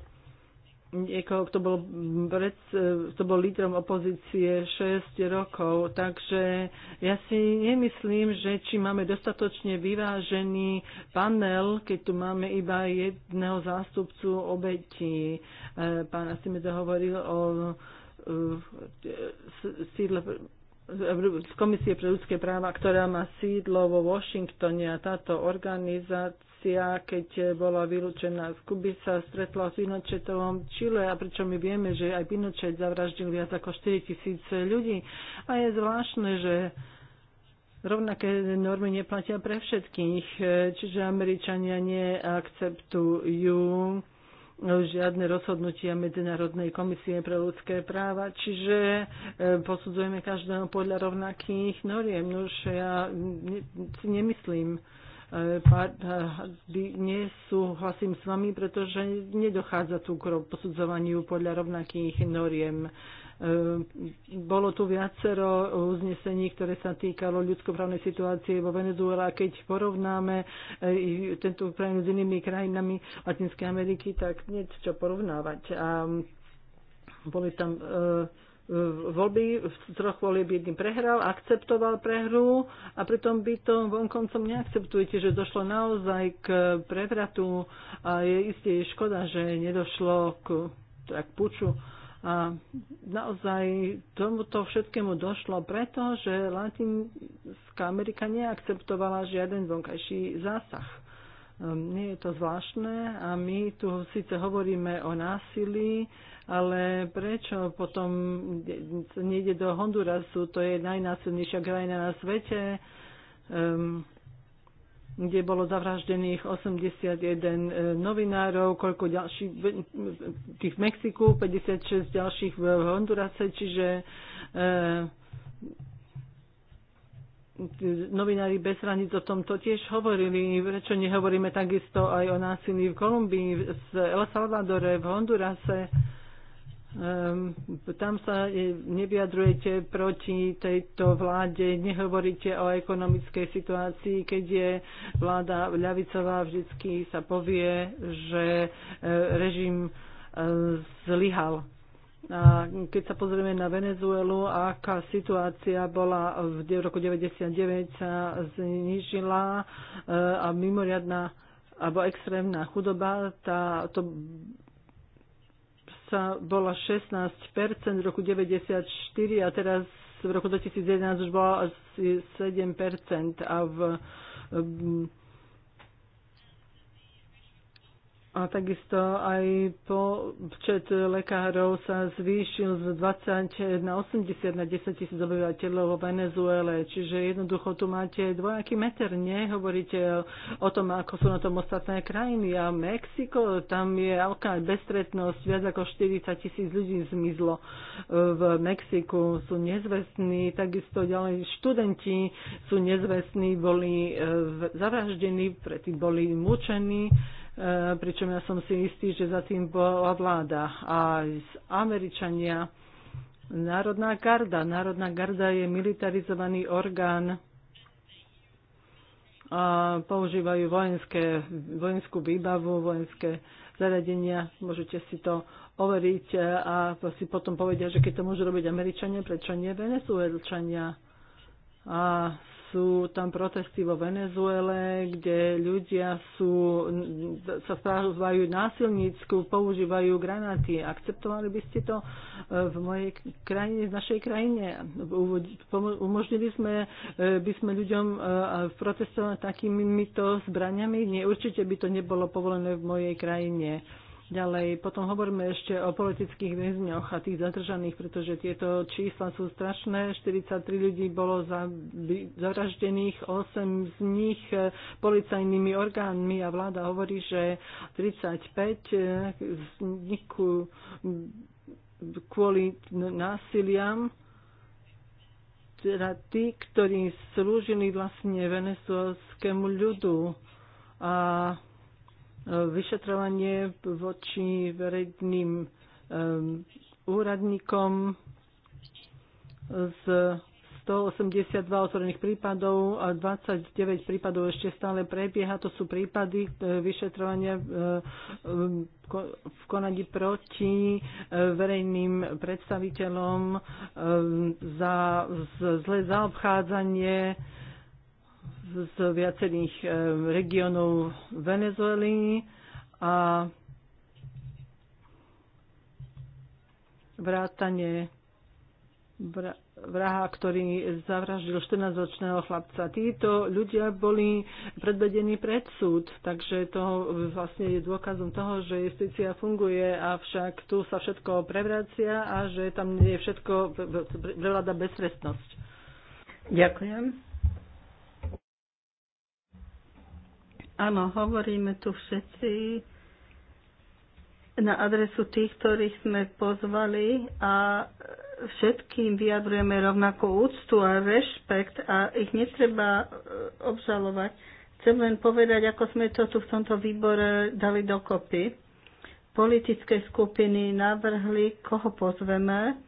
niekoho, kto bol, pred, kto bol lídrom opozície 6 rokov. Takže ja si nemyslím, že či máme dostatočne vyvážený panel, keď tu máme iba jedného zástupcu obetí. E, pán asi mi to hovoril o e, sídle z Komisie pre ľudské práva, ktorá má sídlo vo Washingtone a táto organizácia, keď bola vylúčená z Kuby, sa stretla s Pinochetovom Čile a pričom my vieme, že aj Pinochet zavraždil viac ako 4 tisíc ľudí a je zvláštne, že Rovnaké normy neplatia pre všetkých, čiže Američania neakceptujú No, žiadne rozhodnutia Medzinárodnej komisie pre ľudské práva, čiže e, posudzujeme každého podľa rovnakých noriem. No už ja si nemyslím, e, e, nesúhlasím s vami, pretože nedochádza tu k posudzovaniu podľa rovnakých noriem. Ehm, bolo tu viacero uznesení, ktoré sa týkalo ľudskoprávnej situácie vo Venezuela. Keď porovnáme e, tento Ukrajinu s inými krajinami Latinskej Ameriky, tak niečo čo porovnávať. A boli tam e, e, voľby, v troch volieb jedným prehral, akceptoval prehru a pritom by to vonkoncom neakceptujete, že došlo naozaj k prevratu a je isté škoda, že nedošlo k, k puču a naozaj tomuto všetkému došlo preto, že Latinská Amerika neakceptovala žiaden vonkajší zásah. Ehm, nie je to zvláštne a my tu síce hovoríme o násilí, ale prečo potom nejde do Hondurasu, to je najnásilnejšia krajina na svete. Um, kde bolo zavraždených 81 e, novinárov, koľko ďalších, tých v Mexiku, 56 ďalších v Hondurase, čiže e, novinári bez hraníc o tomto tiež hovorili, prečo nehovoríme takisto aj o násilí v Kolumbii, v El Salvadore, v Hondurase. Ehm, tam sa e, nevyjadrujete proti tejto vláde, nehovoríte o ekonomickej situácii, keď je vláda ľavicová, vždycky sa povie, že e, režim e, zlyhal. A keď sa pozrieme na Venezuelu, aká situácia bola v roku 1999 sa znižila a mimoriadná alebo extrémna chudoba, tá, to sa bola 16% v roku 94 a teraz v roku 2011 už bola asi 7% a v, v A takisto aj počet lekárov sa zvýšil z 20 na 80 na 10 tisíc obyvateľov vo Venezuele. Čiže jednoducho tu máte dvojaký meter, ne Hovoríte o tom, ako sú na tom ostatné krajiny. A Mexiko, tam je aká bestretnosť, viac ako 40 tisíc ľudí zmizlo e, v Mexiku, sú nezvestní, takisto ďalej študenti sú nezvestní, boli e, zavraždení, predtým boli mučení E, pričom ja som si istý, že za tým bola vláda. A z Američania Národná garda. Národná garda je militarizovaný orgán a používajú vojenské, vojenskú výbavu, vojenské zariadenia. Môžete si to overiť a si potom povedia, že keď to môžu robiť Američania, prečo nie Venezuelčania? A sú tam protesty vo Venezuele, kde ľudia sú, sa správajú násilnícku, používajú granáty. Akceptovali by ste to eh, v mojej krajine, v našej krajine? Umožnili sme, eh, by sme ľuďom eh, protestovať takýmito zbraniami? Nie, určite by to nebolo povolené v mojej krajine. Ďalej, potom hovoríme ešte o politických väzňoch a tých zadržaných, pretože tieto čísla sú strašné. 43 ľudí bolo zavraždených, 8 z nich e, policajnými orgánmi a vláda hovorí, že 35 e, nich kvôli násiliam teda tí, ktorí slúžili vlastne venezuelskému ľudu a vyšetrovanie voči verejným úradníkom z 182 otvorených prípadov a 29 prípadov ešte stále prebieha. To sú prípady e, vyšetrovania e, v konaní proti e, verejným predstaviteľom za zlé zaobchádzanie z viacerých e, regionov Venezuely a vrátanie vraha, ktorý zavraždil 14-ročného chlapca. Títo ľudia boli predvedení pred súd, takže to vlastne je dôkazom toho, že justícia funguje, avšak tu sa všetko prevracia a že tam je všetko prevláda bezrestnosť.
Ďakujem. Áno, hovoríme tu všetci na adresu tých, ktorých sme pozvali a všetkým vyjadrujeme rovnakú úctu a rešpekt a ich netreba e, obžalovať. Chcem len povedať, ako sme to tu v tomto výbore dali dokopy. Politické skupiny navrhli, koho pozveme.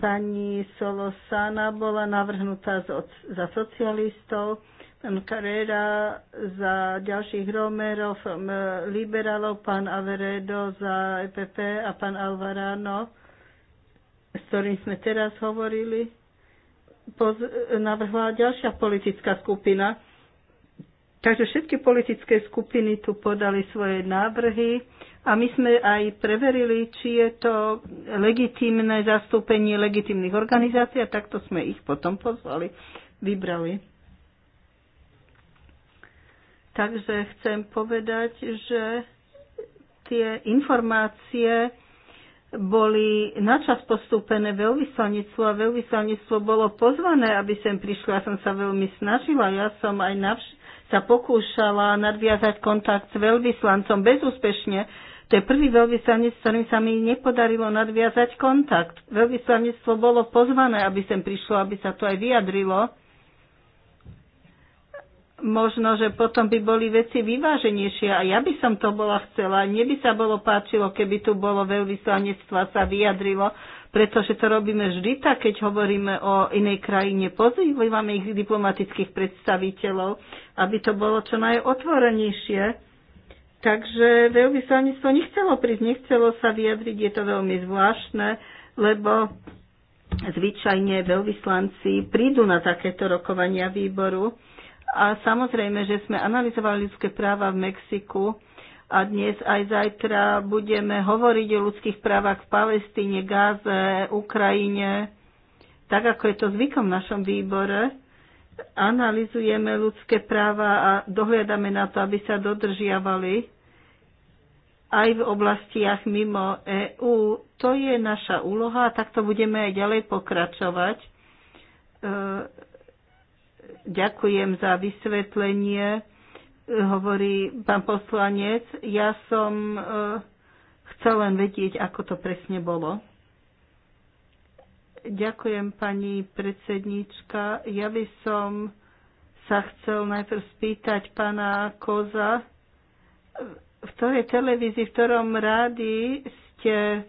Pani Solosana bola navrhnutá za socialistov, Carrera za ďalších Romerov, liberálov, pán Averedo za EPP a pán Alvarano, s ktorým sme teraz hovorili, navrhla ďalšia politická skupina. Takže všetky politické skupiny tu podali svoje návrhy a my sme aj preverili, či je to legitimné zastúpenie legitimných organizácií a takto sme ich potom pozvali, vybrali. Takže chcem povedať, že tie informácie boli načas postúpené veľvyslanectvu a veľvyslanectvo bolo pozvané, aby sem prišla. Ja som sa veľmi snažila, ja som aj navš- sa pokúšala nadviazať kontakt s veľvyslancom bezúspešne. To je prvý veľvyslanec, s ktorým sa mi nepodarilo nadviazať kontakt. Veľvyslanectvo bolo pozvané, aby sem prišlo, aby sa to aj vyjadrilo možno, že potom by boli veci vyváženejšie a ja by som to bola chcela. Mne by sa bolo páčilo, keby tu bolo a sa vyjadrilo, pretože to robíme vždy tak, keď hovoríme o inej krajine. Pozývame ich diplomatických predstaviteľov, aby to bolo čo najotvorenejšie. Takže veľvyslanectvo nechcelo prísť, nechcelo sa vyjadriť, je to veľmi zvláštne, lebo zvyčajne veľvyslanci prídu na takéto rokovania výboru a samozrejme, že sme analyzovali ľudské práva v Mexiku a dnes aj zajtra budeme hovoriť o ľudských právach v Palestíne, Gáze, Ukrajine, tak ako je to zvykom v našom výbore. Analizujeme ľudské práva a dohľadáme na to, aby sa dodržiavali aj v oblastiach mimo EÚ. To je naša úloha a takto budeme aj ďalej pokračovať e, Ďakujem za vysvetlenie, e, hovorí pán poslanec. Ja som e, chcel len vedieť, ako to presne bolo. Ďakujem, pani predsednička. Ja by som sa chcel najprv spýtať pána Koza, v ktorej televízii, v ktorom rádi ste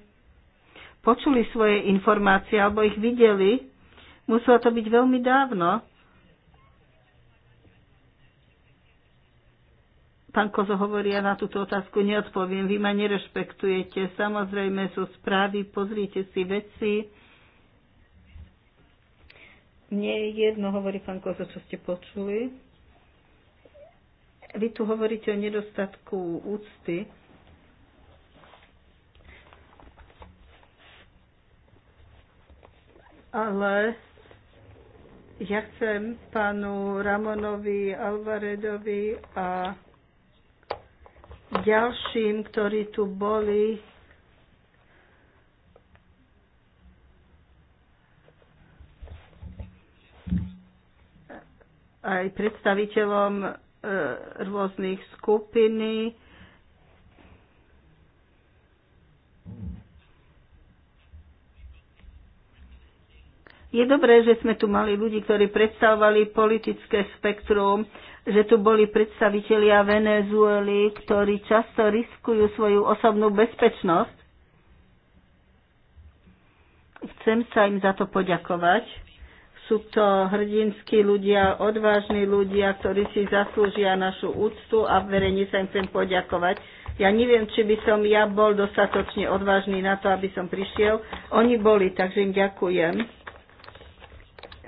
počuli svoje informácie alebo ich videli. Muselo to byť veľmi dávno. Pán Kozo hovorí, ja na túto otázku neodpoviem, vy ma nerešpektujete. Samozrejme sú správy, pozrite si veci. Mne je jedno, hovorí pán Kozo, čo ste počuli. Vy tu hovoríte o nedostatku úcty. Ale ja chcem pánu Ramonovi, Alvaredovi a Ďalším, ktorí tu boli, aj predstaviteľom e, rôznych skupiny. Je dobré, že sme tu mali ľudí, ktorí predstavovali politické spektrum že tu boli predstavitelia Venezuely, ktorí často riskujú svoju osobnú bezpečnosť. Chcem sa im za to poďakovať. Sú to hrdinskí ľudia, odvážni ľudia, ktorí si zaslúžia našu úctu a verejne sa im chcem poďakovať. Ja neviem, či by som ja bol dostatočne odvážny na to, aby som prišiel. Oni boli, takže im ďakujem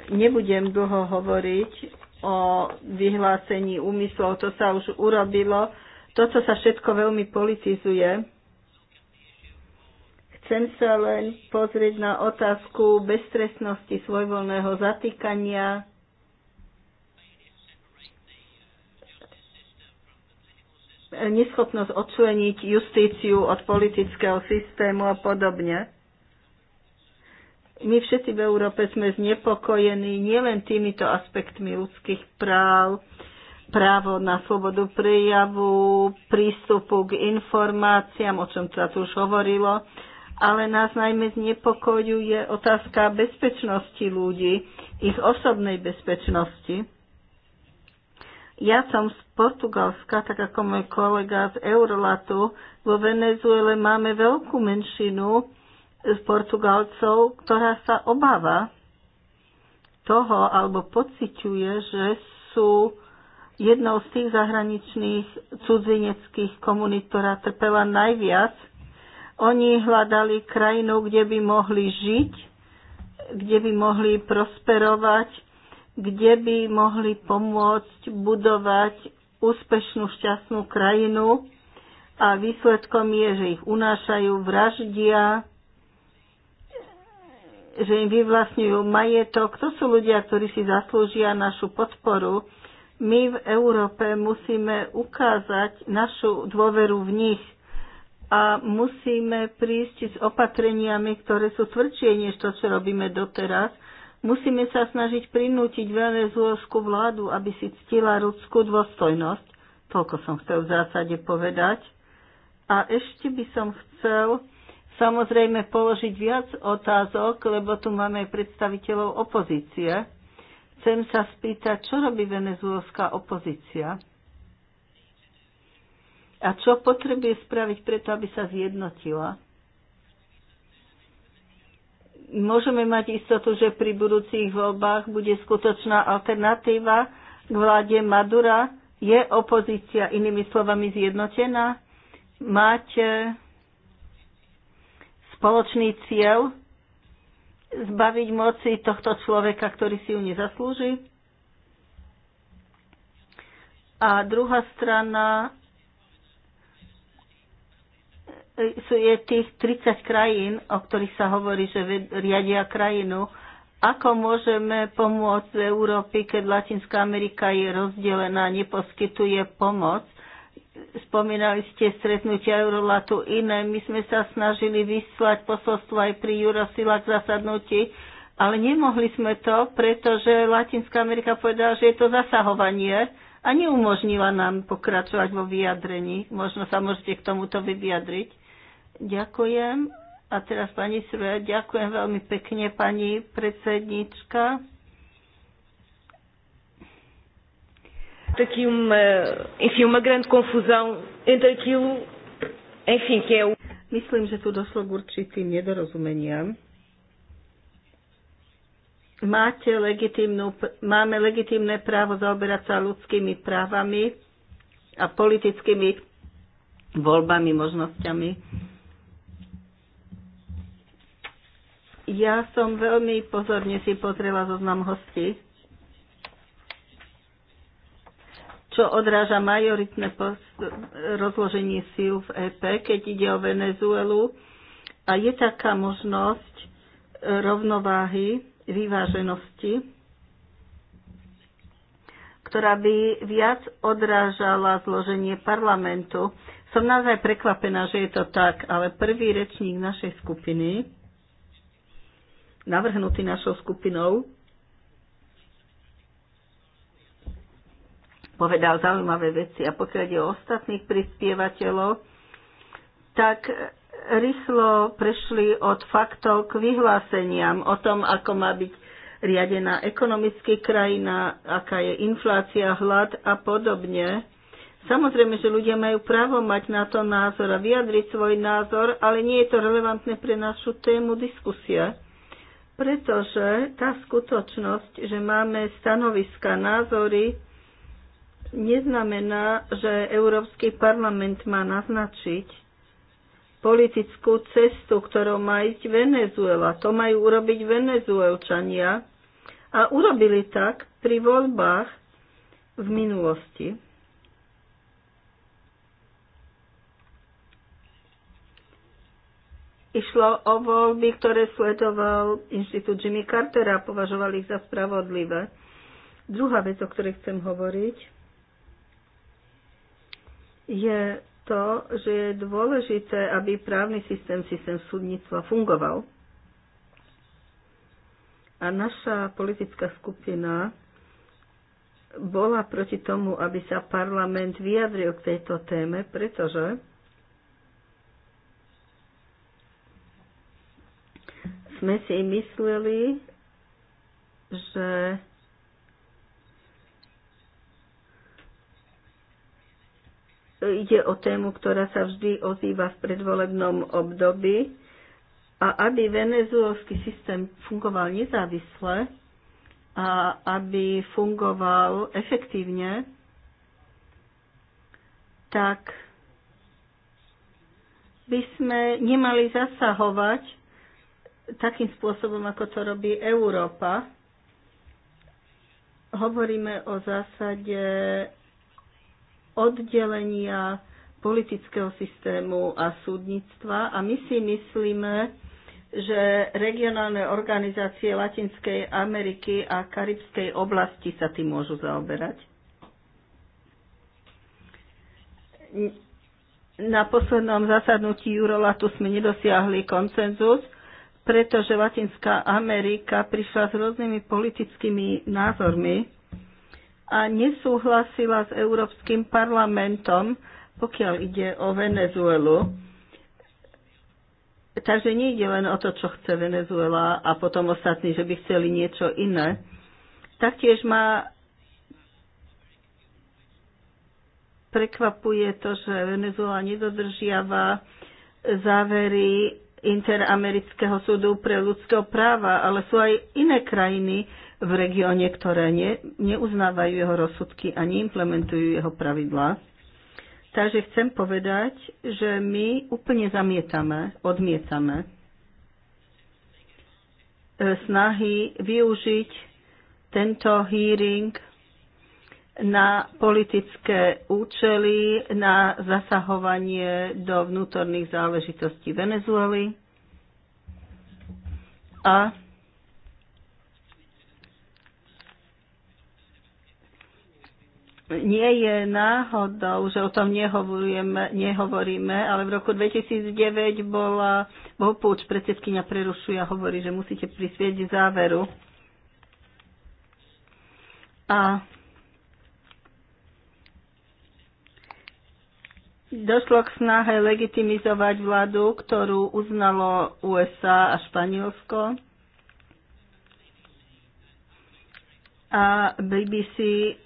nebudem dlho hovoriť, o vyhlásení úmyslov, to sa už urobilo. Toto sa všetko veľmi politizuje. Chcem sa len pozrieť na otázku bezstresnosti svojvoľného zatýkania, neschopnosť odčleniť justíciu od politického systému a podobne. My všetci v Európe sme znepokojení nielen týmito aspektmi ľudských práv, právo na slobodu prejavu, prístupu k informáciám, o čom sa tu už hovorilo, ale nás najmä znepokojuje otázka bezpečnosti ľudí, ich osobnej bezpečnosti. Ja som z Portugalska, tak ako môj kolega z Eurolatu. Vo Venezuele máme veľkú menšinu, z Portugalcov, ktorá sa obáva toho alebo pociťuje, že sú jednou z tých zahraničných cudzineckých komunít, ktorá trpela najviac. Oni hľadali krajinu, kde by mohli žiť, kde by mohli prosperovať, kde by mohli pomôcť budovať úspešnú, šťastnú krajinu. A výsledkom je, že ich unášajú, vraždia, že im vyvlastňujú majetok. To sú ľudia, ktorí si zaslúžia našu podporu. My v Európe musíme ukázať našu dôveru v nich a musíme prísť s opatreniami, ktoré sú tvrdšie než to, čo robíme doteraz. Musíme sa snažiť prinútiť venezuelskú vládu, aby si ctila ľudskú dôstojnosť. Toľko som chcel v zásade povedať. A ešte by som chcel samozrejme položiť viac otázok, lebo tu máme predstaviteľov opozície. Chcem sa spýtať, čo robí venezuelská opozícia a čo potrebuje spraviť preto, aby sa zjednotila. Môžeme mať istotu, že pri budúcich voľbách bude skutočná alternatíva k vláde Madura. Je opozícia inými slovami zjednotená? Máte spoločný cieľ zbaviť moci tohto človeka, ktorý si ju nezaslúži. A druhá strana sú je tých 30 krajín, o ktorých sa hovorí, že riadia krajinu. Ako môžeme pomôcť v Európy, keď Latinská Amerika je rozdelená, neposkytuje pomoc? spomínali ste stretnutia Eurolatu iné. My sme sa snažili vyslať posolstvo aj pri Jurosilách zasadnutí, ale nemohli sme to, pretože Latinská Amerika povedala, že je to zasahovanie a neumožnila nám pokračovať vo vyjadrení. Možno sa môžete k tomuto vyjadriť. Ďakujem. A teraz pani Sruja, ďakujem veľmi pekne, pani predsednička. facto aqui uma, enfim, uma grande confusão entre aquilo, enfim, que é o... Myslím, že tu došlo k určitým nedorozumeniam. Máte legitimnú, máme legitimné právo zaoberať sa ľudskými právami a politickými voľbami, možnosťami. Ja som veľmi pozorne si pozrela zoznam hostí. čo odráža majoritné rozloženie síl v EP, keď ide o Venezuelu. A je taká možnosť e, rovnováhy, vyváženosti, ktorá by viac odrážala zloženie parlamentu. Som naozaj prekvapená, že je to tak, ale prvý rečník našej skupiny, navrhnutý našou skupinou, povedal zaujímavé veci. A pokiaľ je o ostatných prispievateľov, tak rýchlo prešli od faktov k vyhláseniam o tom, ako má byť riadená ekonomicky krajina, aká je inflácia, hlad a podobne. Samozrejme, že ľudia majú právo mať na to názor a vyjadriť svoj názor, ale nie je to relevantné pre našu tému diskusie, pretože tá skutočnosť, že máme stanoviska, názory, neznamená, že Európsky parlament má naznačiť politickú cestu, ktorou má ísť Venezuela. To majú urobiť Venezuelčania a urobili tak pri voľbách v minulosti. Išlo o voľby, ktoré sledoval inštitút Jimmy Cartera a považovali ich za spravodlivé. Druhá vec, o ktorej chcem hovoriť, je to, že je dôležité, aby právny systém, systém súdnictva fungoval. A naša politická skupina bola proti tomu, aby sa parlament vyjadril k tejto téme, pretože sme si mysleli, že ide o tému, ktorá sa vždy ozýva v predvolebnom období. A aby venezuelský systém fungoval nezávisle a aby fungoval efektívne, tak by sme nemali zasahovať takým spôsobom, ako to robí Európa. Hovoríme o zásade oddelenia politického systému a súdnictva a my si myslíme, že regionálne organizácie Latinskej Ameriky a Karibskej oblasti sa tým môžu zaoberať. Na poslednom zasadnutí Eurolatu sme nedosiahli koncenzus, pretože Latinská Amerika prišla s rôznymi politickými názormi a nesúhlasila s Európskym parlamentom, pokiaľ ide o Venezuelu. Takže nie ide len o to, čo chce Venezuela a potom ostatní, že by chceli niečo iné. Taktiež ma prekvapuje to, že Venezuela nedodržiava závery Interamerického súdu pre ľudského práva, ale sú aj iné krajiny, v regióne, ktoré ne, neuznávajú jeho rozsudky a neimplementujú jeho pravidlá. Takže chcem povedať, že my úplne zamietame, odmietame e, snahy využiť tento hearing na politické účely, na zasahovanie do vnútorných záležitostí Venezuely a nie je náhodou, že o tom nehovoríme, nehovoríme ale v roku 2009 bola vopúč predsedkynia prerušuje a hovorí, že musíte prisvieť záveru. A došlo k snahe legitimizovať vládu, ktorú uznalo USA a Španielsko. a BBC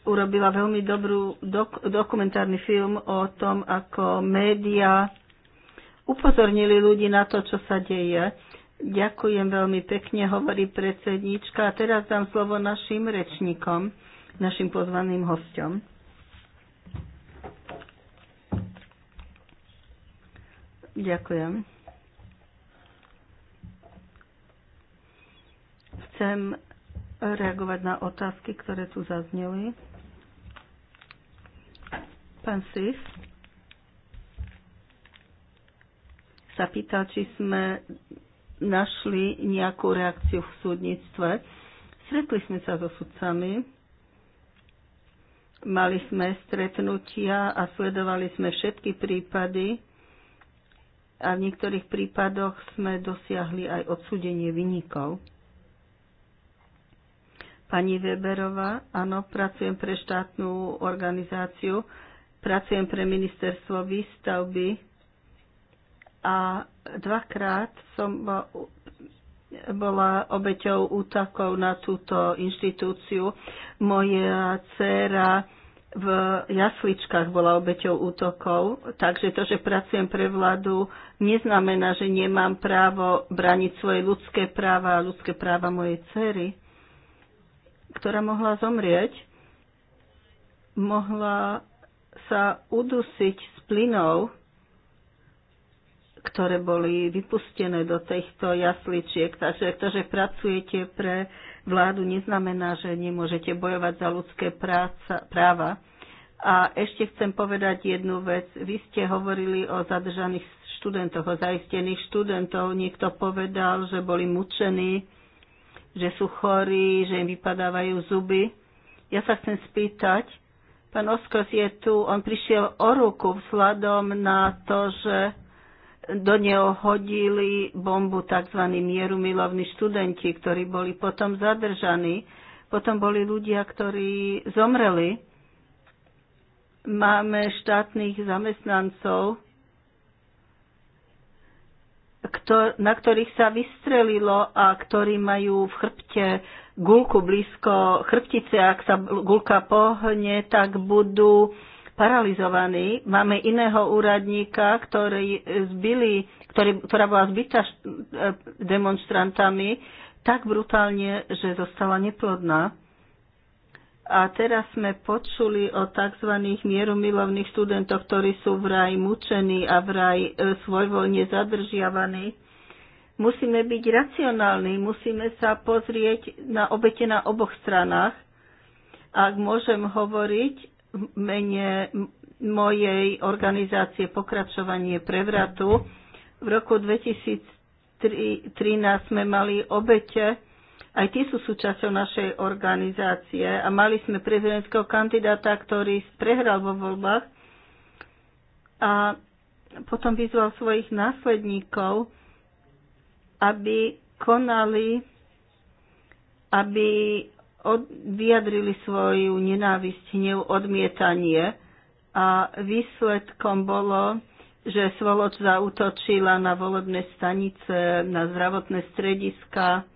urobila veľmi dobrú dok- dokumentárny film o tom, ako média upozornili ľudí na to, čo sa deje. Ďakujem veľmi pekne, hovorí predsednička. A teraz dám slovo našim rečníkom, našim pozvaným hostom. Ďakujem. Chcem reagovať na otázky, ktoré tu zazneli. Pán Sis sa pýta, či sme našli nejakú reakciu v súdnictve. Stretli sme sa so sudcami, mali sme stretnutia a sledovali sme všetky prípady a v niektorých prípadoch sme dosiahli aj odsúdenie vynikov. Pani Weberová, áno, pracujem pre štátnu organizáciu, pracujem pre ministerstvo výstavby a dvakrát som bola obeťou útakov na túto inštitúciu. Moja dcéra v jasličkách bola obeťou útokov, takže to, že pracujem pre vládu, neznamená, že nemám právo braniť svoje ľudské práva a ľudské práva mojej cery ktorá mohla zomrieť, mohla sa udusiť z plynov, ktoré boli vypustené do týchto jasličiek. Takže to, že pracujete pre vládu, neznamená, že nemôžete bojovať za ľudské práca, práva. A ešte chcem povedať jednu vec. Vy ste hovorili o zadržaných študentoch, o zaistených študentov. Niekto povedal, že boli mučení že sú chorí, že im vypadávajú zuby. Ja sa chcem spýtať, pán Oskos je tu, on prišiel o ruku vzhľadom na to, že do neho hodili bombu tzv. mierumilovní študenti, ktorí boli potom zadržaní. Potom boli ľudia, ktorí zomreli. Máme štátnych zamestnancov, na ktorých sa vystrelilo a ktorí majú v chrbte gulku blízko chrbtice. Ak sa gulka pohne, tak budú paralizovaní. Máme iného úradníka, ktorý zbili, ktorý, ktorá bola zbytá e, demonstrantami tak brutálne, že zostala neplodná. A teraz sme počuli o tzv. mierumilovných študentoch, ktorí sú vraj mučení a vraj e, svojvoľne zadržiavaní. Musíme byť racionálni, musíme sa pozrieť na obete na oboch stranách. Ak môžem hovoriť v mene mojej organizácie Pokračovanie prevratu, v roku 2013 sme mali obete, aj tí sú súčasťou našej organizácie a mali sme prezidentského kandidáta, ktorý prehral vo voľbách a potom vyzval svojich následníkov, aby konali, aby od, vyjadrili svoju nenávisť, hnev, odmietanie a výsledkom bolo, že Svoloč zautočila na volebné stanice, na zdravotné strediska,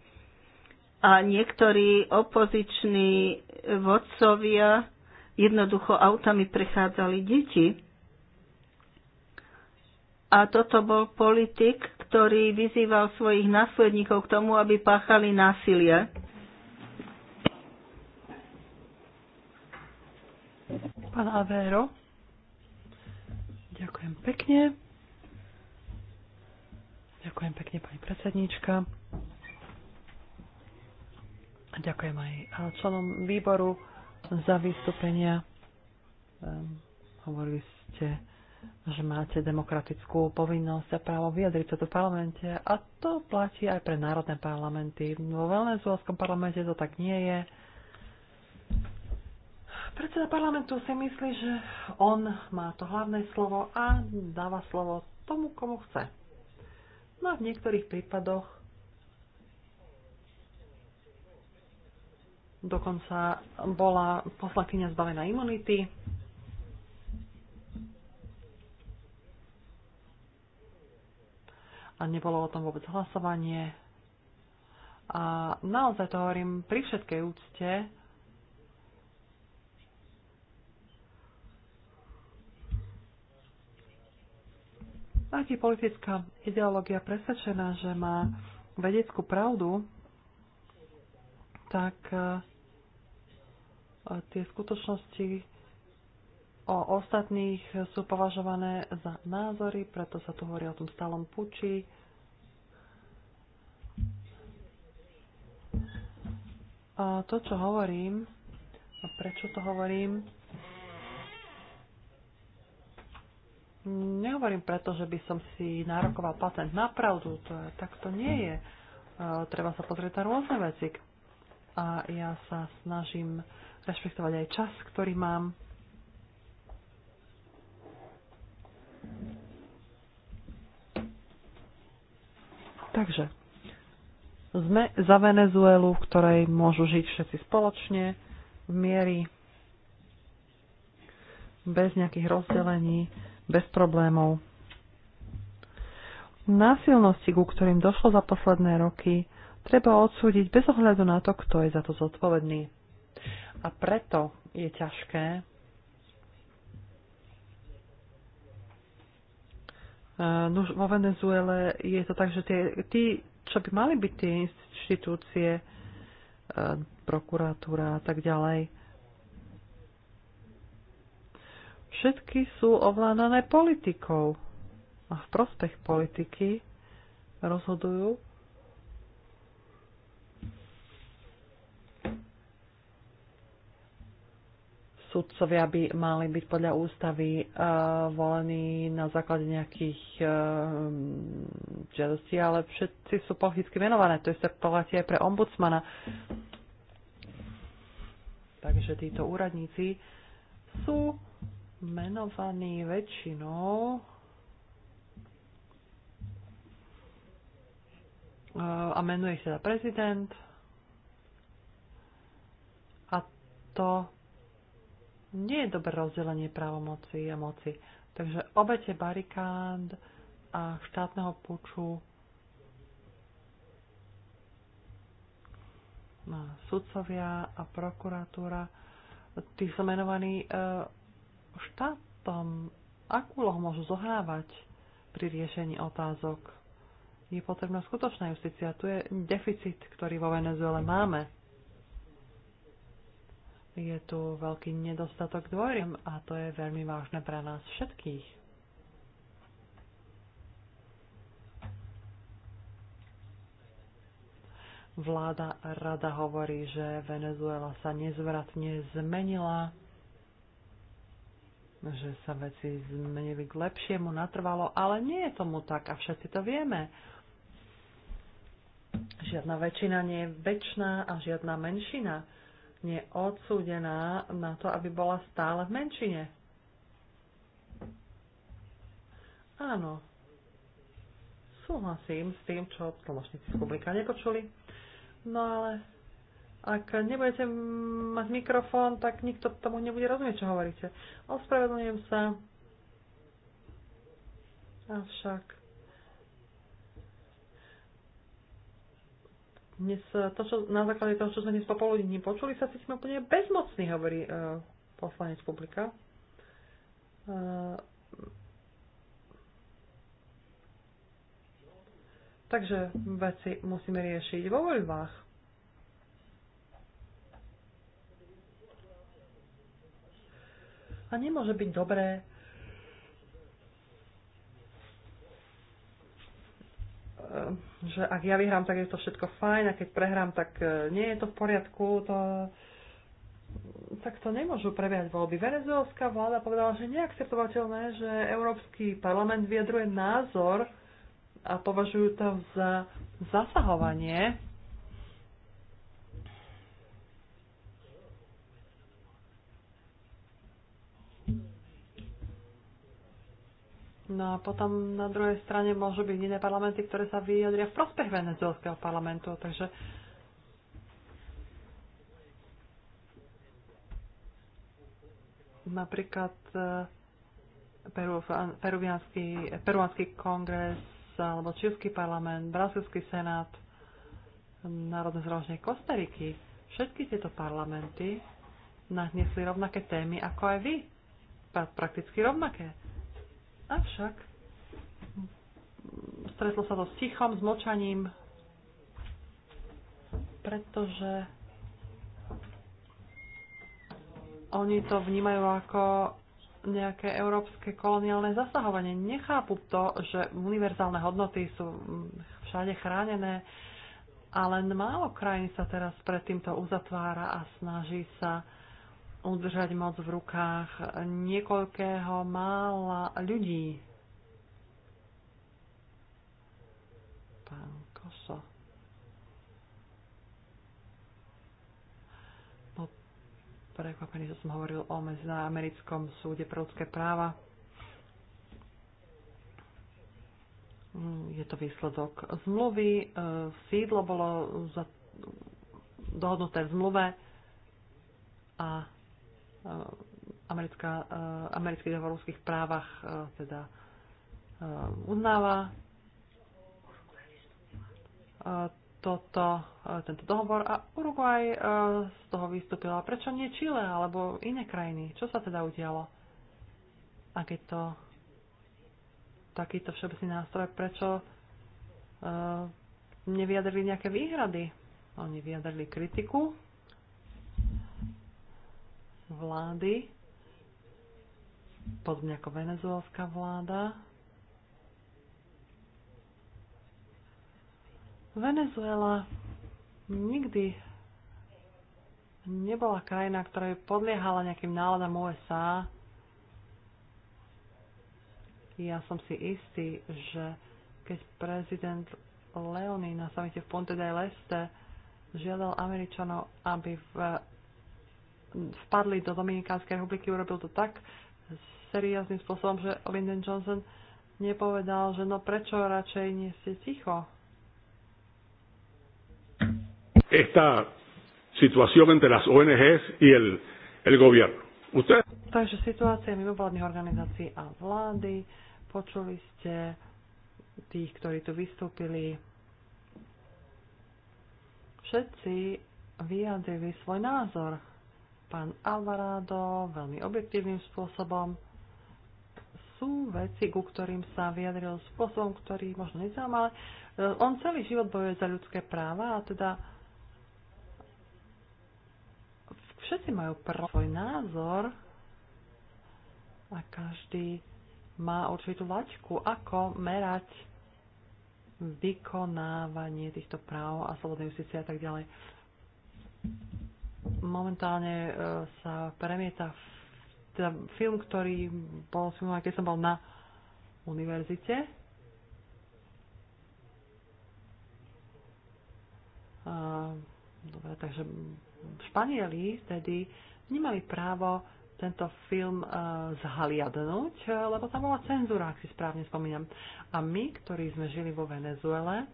a niektorí opoziční vodcovia jednoducho autami prechádzali deti. A toto bol politik, ktorý vyzýval svojich následníkov k tomu, aby páchali násilie.
Pán Avero, ďakujem pekne. Ďakujem pekne, pani predsedníčka. Ďakujem aj členom výboru za vystúpenia. Um, hovorili ste, že máte demokratickú povinnosť a právo vyjadriť sa tu v parlamente a to platí aj pre národné parlamenty. Vo venezuelskom parlamente to tak nie je. Predseda parlamentu si myslí, že on má to hlavné slovo a dáva slovo tomu, komu chce. No a v niektorých prípadoch Dokonca bola poslankyňa zbavená imunity. A nebolo o tom vôbec hlasovanie. A naozaj to hovorím pri všetkej úcte, Ak je politická ideológia presvedčená, že má vedeckú pravdu, tak eh, tie skutočnosti o ostatných sú považované za názory, preto sa tu hovorí o tom stálom puči. A to, čo hovorím, a prečo to hovorím, nehovorím preto, že by som si nárokoval patent na pravdu, to je, tak to nie je. E, treba sa pozrieť na rôzne veci. A ja sa snažím rešpektovať aj čas, ktorý mám. Takže sme za Venezuelu, v ktorej môžu žiť všetci spoločne, v miery, bez nejakých rozdelení, bez problémov. Násilnosti, ku ktorým došlo za posledné roky, treba odsúdiť bez ohľadu na to, kto je za to zodpovedný a preto je ťažké e, Nuž, vo Venezuele je to tak, že tie, tí, čo by mali byť tie inštitúcie, e, prokuratúra a tak ďalej, všetky sú ovládané politikou a v prospech politiky rozhodujú sudcovia by mali byť podľa ústavy eh, volení na základe nejakých eh, žiadostí, ale všetci sú politicky menované. To sa platí aj pre ombudsmana. Takže títo úradníci sú menovaní väčšinou eh, a menuje sa teda prezident a to nie je dobré rozdelenie právomoci a moci. Takže obete barikád a štátneho puču sudcovia a prokuratúra, tí sú menovaní e, štátom. Akú lohu môžu zohrávať pri riešení otázok? Je potrebná skutočná justícia. Tu je deficit, ktorý vo Venezuele máme je tu veľký nedostatok dôvery a to je veľmi vážne pre nás všetkých. Vláda rada hovorí, že Venezuela sa nezvratne zmenila, že sa veci zmenili k lepšiemu, natrvalo, ale nie je tomu tak a všetci to vieme. Žiadna väčšina nie je väčšiná a žiadna menšina vlastne odsúdená na to, aby bola stále v menšine. Áno, súhlasím s tým, čo tlmočníci z publika nepočuli. No ale ak nebudete mať mikrofón, tak nikto tomu nebude rozumieť, čo hovoríte. Ospravedlňujem sa. Avšak Dnes, e, to, čo, na základe toho, čo sme dnes popoludní počuli, sa cítime úplne bezmocný, hovorí e, poslanec publika. E, takže veci musíme riešiť vo voľbách. A nemôže byť dobré E, že ak ja vyhrám, tak je to všetko fajn a keď prehrám, tak e, nie je to v poriadku. To, tak to nemôžu prebiehať voľby. Venezuelská vláda povedala, že neakceptovateľné, že Európsky parlament vyjadruje názor a považujú to za zasahovanie No a potom na druhej strane môžu byť iné parlamenty, ktoré sa vyjadria v prospech venezuelského parlamentu. Takže napríklad e, peruvianský, kongres alebo čilský parlament, brazilský senát, národné zhromaždenie Kostariky. Všetky tieto parlamenty nahnesli rovnaké témy ako aj vy. Prakticky rovnaké Avšak stretlo sa to s tichom, s močaním, pretože oni to vnímajú ako nejaké európske koloniálne zasahovanie. Nechápu to, že univerzálne hodnoty sú mm, všade chránené ale len málo krajín sa teraz pred týmto uzatvára a snaží sa udržať moc v rukách niekoľkého mála ľudí. Pán Koso. No, prekvapený, že som hovoril o Medzinárodnom súde pre ľudské práva. Je to výsledok zmluvy. Sídlo bolo za, dohodnuté v zmluve a Eh, americká, eh, americký dohovor o právach eh, teda uznáva toto, tento dohovor a Uruguay z toho vystúpila. Prečo nie Chile alebo iné krajiny? Čo sa teda udialo? A keď to takýto všeobecný nástroj, prečo nevyjadrili nejaké výhrady? Oni vyjadrili kritiku vlády, podobne ako venezuelská vláda. Venezuela nikdy nebola krajina, ktorá by podliehala nejakým náladám USA. Ja som si istý, že keď prezident Leoni na samite v Ponte de Leste žiadal Američanov, aby v vpadli do Dominikánskej republiky, urobil to tak seriózným spôsobom, že Lyndon Johnson nepovedal, že no prečo radšej nie ste ticho. Esta situación entre las ONGs y el, el gobierno. Usted... Takže situácia mimovládnych organizácií a vlády. Počuli ste tých, ktorí tu vystúpili. Všetci vyjadrili svoj názor pán Alvarado veľmi objektívnym spôsobom. Sú veci, ku ktorým sa vyjadril spôsobom, ktorý možno nezaujím, ale e, on celý život bojuje za ľudské práva a teda všetci majú svoj názor a každý má určitú laťku, ako merať vykonávanie týchto práv a slobodnej justície a tak ďalej momentálne e, sa premieta teda film, ktorý bol filmovaný, keď som bol na univerzite. Dobre, takže Španieli vtedy nemali právo tento film uh, zhliadnúť, e, lebo tam bola cenzúra, ak si správne spomínam. A my, ktorí sme žili vo Venezuele, uh,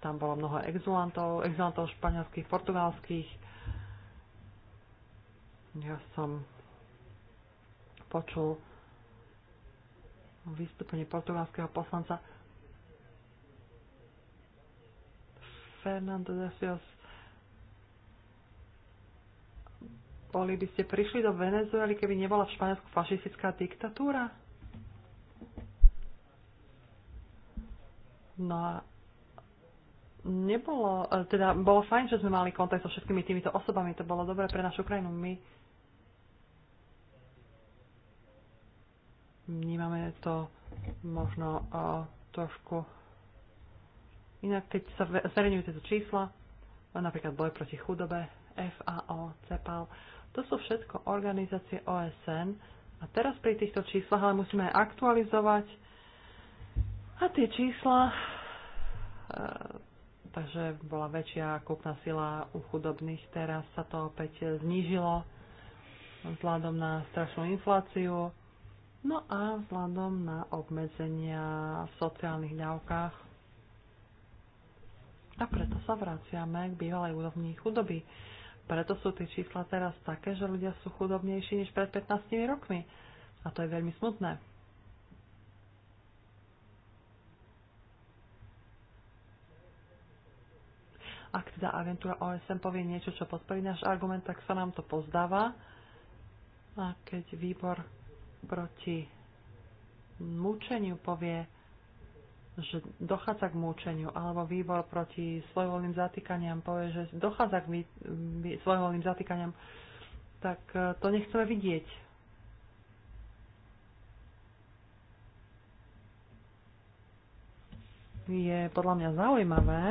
tam bolo mnoho exulantov, exulantov španielských, portugalských, ja som počul vystúpenie portugalského poslanca Fernando de Sios. Boli by ste prišli do Venezuely, keby nebola v Španielsku fašistická diktatúra? No a nebolo, e, teda bolo fajn, že sme mali kontakt so všetkými týmito osobami, to bolo dobré pre našu krajinu. My Vnímame to možno trošku inak, keď sa zverejňujú tieto čísla, napríklad boj proti chudobe, FAO, CEPAL, to sú všetko organizácie OSN a teraz pri týchto číslach ale musíme aj aktualizovať a tie čísla, e, takže bola väčšia kúpna sila u chudobných, teraz sa to opäť znížilo vzhľadom na strašnú infláciu No a vzhľadom na obmedzenia v sociálnych ďavkách. A preto sa vraciame k bývalej úrovni chudoby. Preto sú tie čísla teraz také, že ľudia sú chudobnejší než pred 15 rokmi. A to je veľmi smutné. Ak teda agentúra OSM povie niečo, čo podporí náš argument, tak sa nám to pozdáva. A keď výbor proti mučeniu povie, že dochádza k mučeniu, alebo výbor proti svojvoľným zatýkaniam povie, že dochádza k svojvoľným zatýkaniam, tak e, to nechceme vidieť. Je podľa mňa zaujímavé,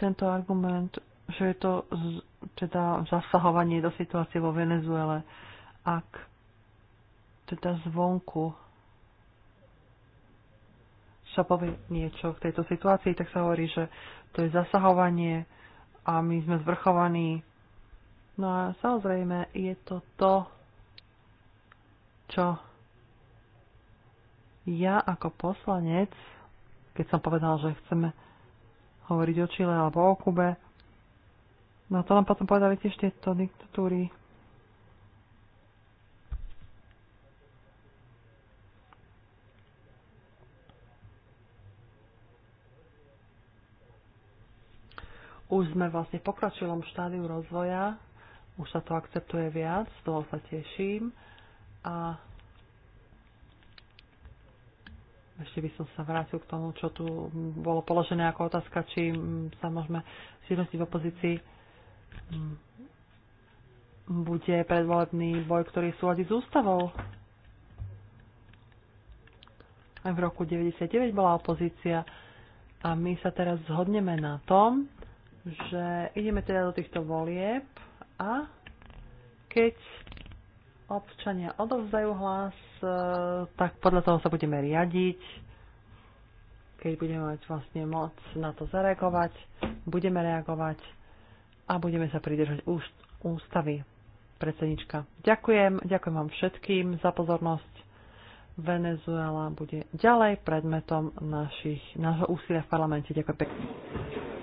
tento argument že je to teda zasahovanie do situácie vo Venezuele, ak teda zvonku sa povie niečo v tejto situácii, tak sa hovorí, že to je zasahovanie a my sme zvrchovaní. No a samozrejme je to to, čo ja ako poslanec, keď som povedal, že chceme hovoriť o Čile alebo o Kube, No to nám potom povedali tiež tieto diktatúry. Už sme vlastne v pokročilom štádiu rozvoja, už sa to akceptuje viac, z toho sa teším. A ešte by som sa vrátil k tomu, čo tu bolo položené ako otázka, či mm, sa môžeme zjednotiť v opozícii bude predvolebný boj, ktorý súladí s ústavou. Aj v roku 99 bola opozícia a my sa teraz zhodneme na tom, že ideme teda do týchto volieb a keď občania odovzdajú hlas, e, tak podľa toho sa budeme riadiť. Keď budeme mať vlastne moc na to zareagovať, budeme reagovať a budeme sa pridržať ústavy. Predsednička. Ďakujem, ďakujem vám všetkým za pozornosť. Venezuela bude ďalej predmetom našich, nášho úsilia v parlamente. Ďakujem pekne.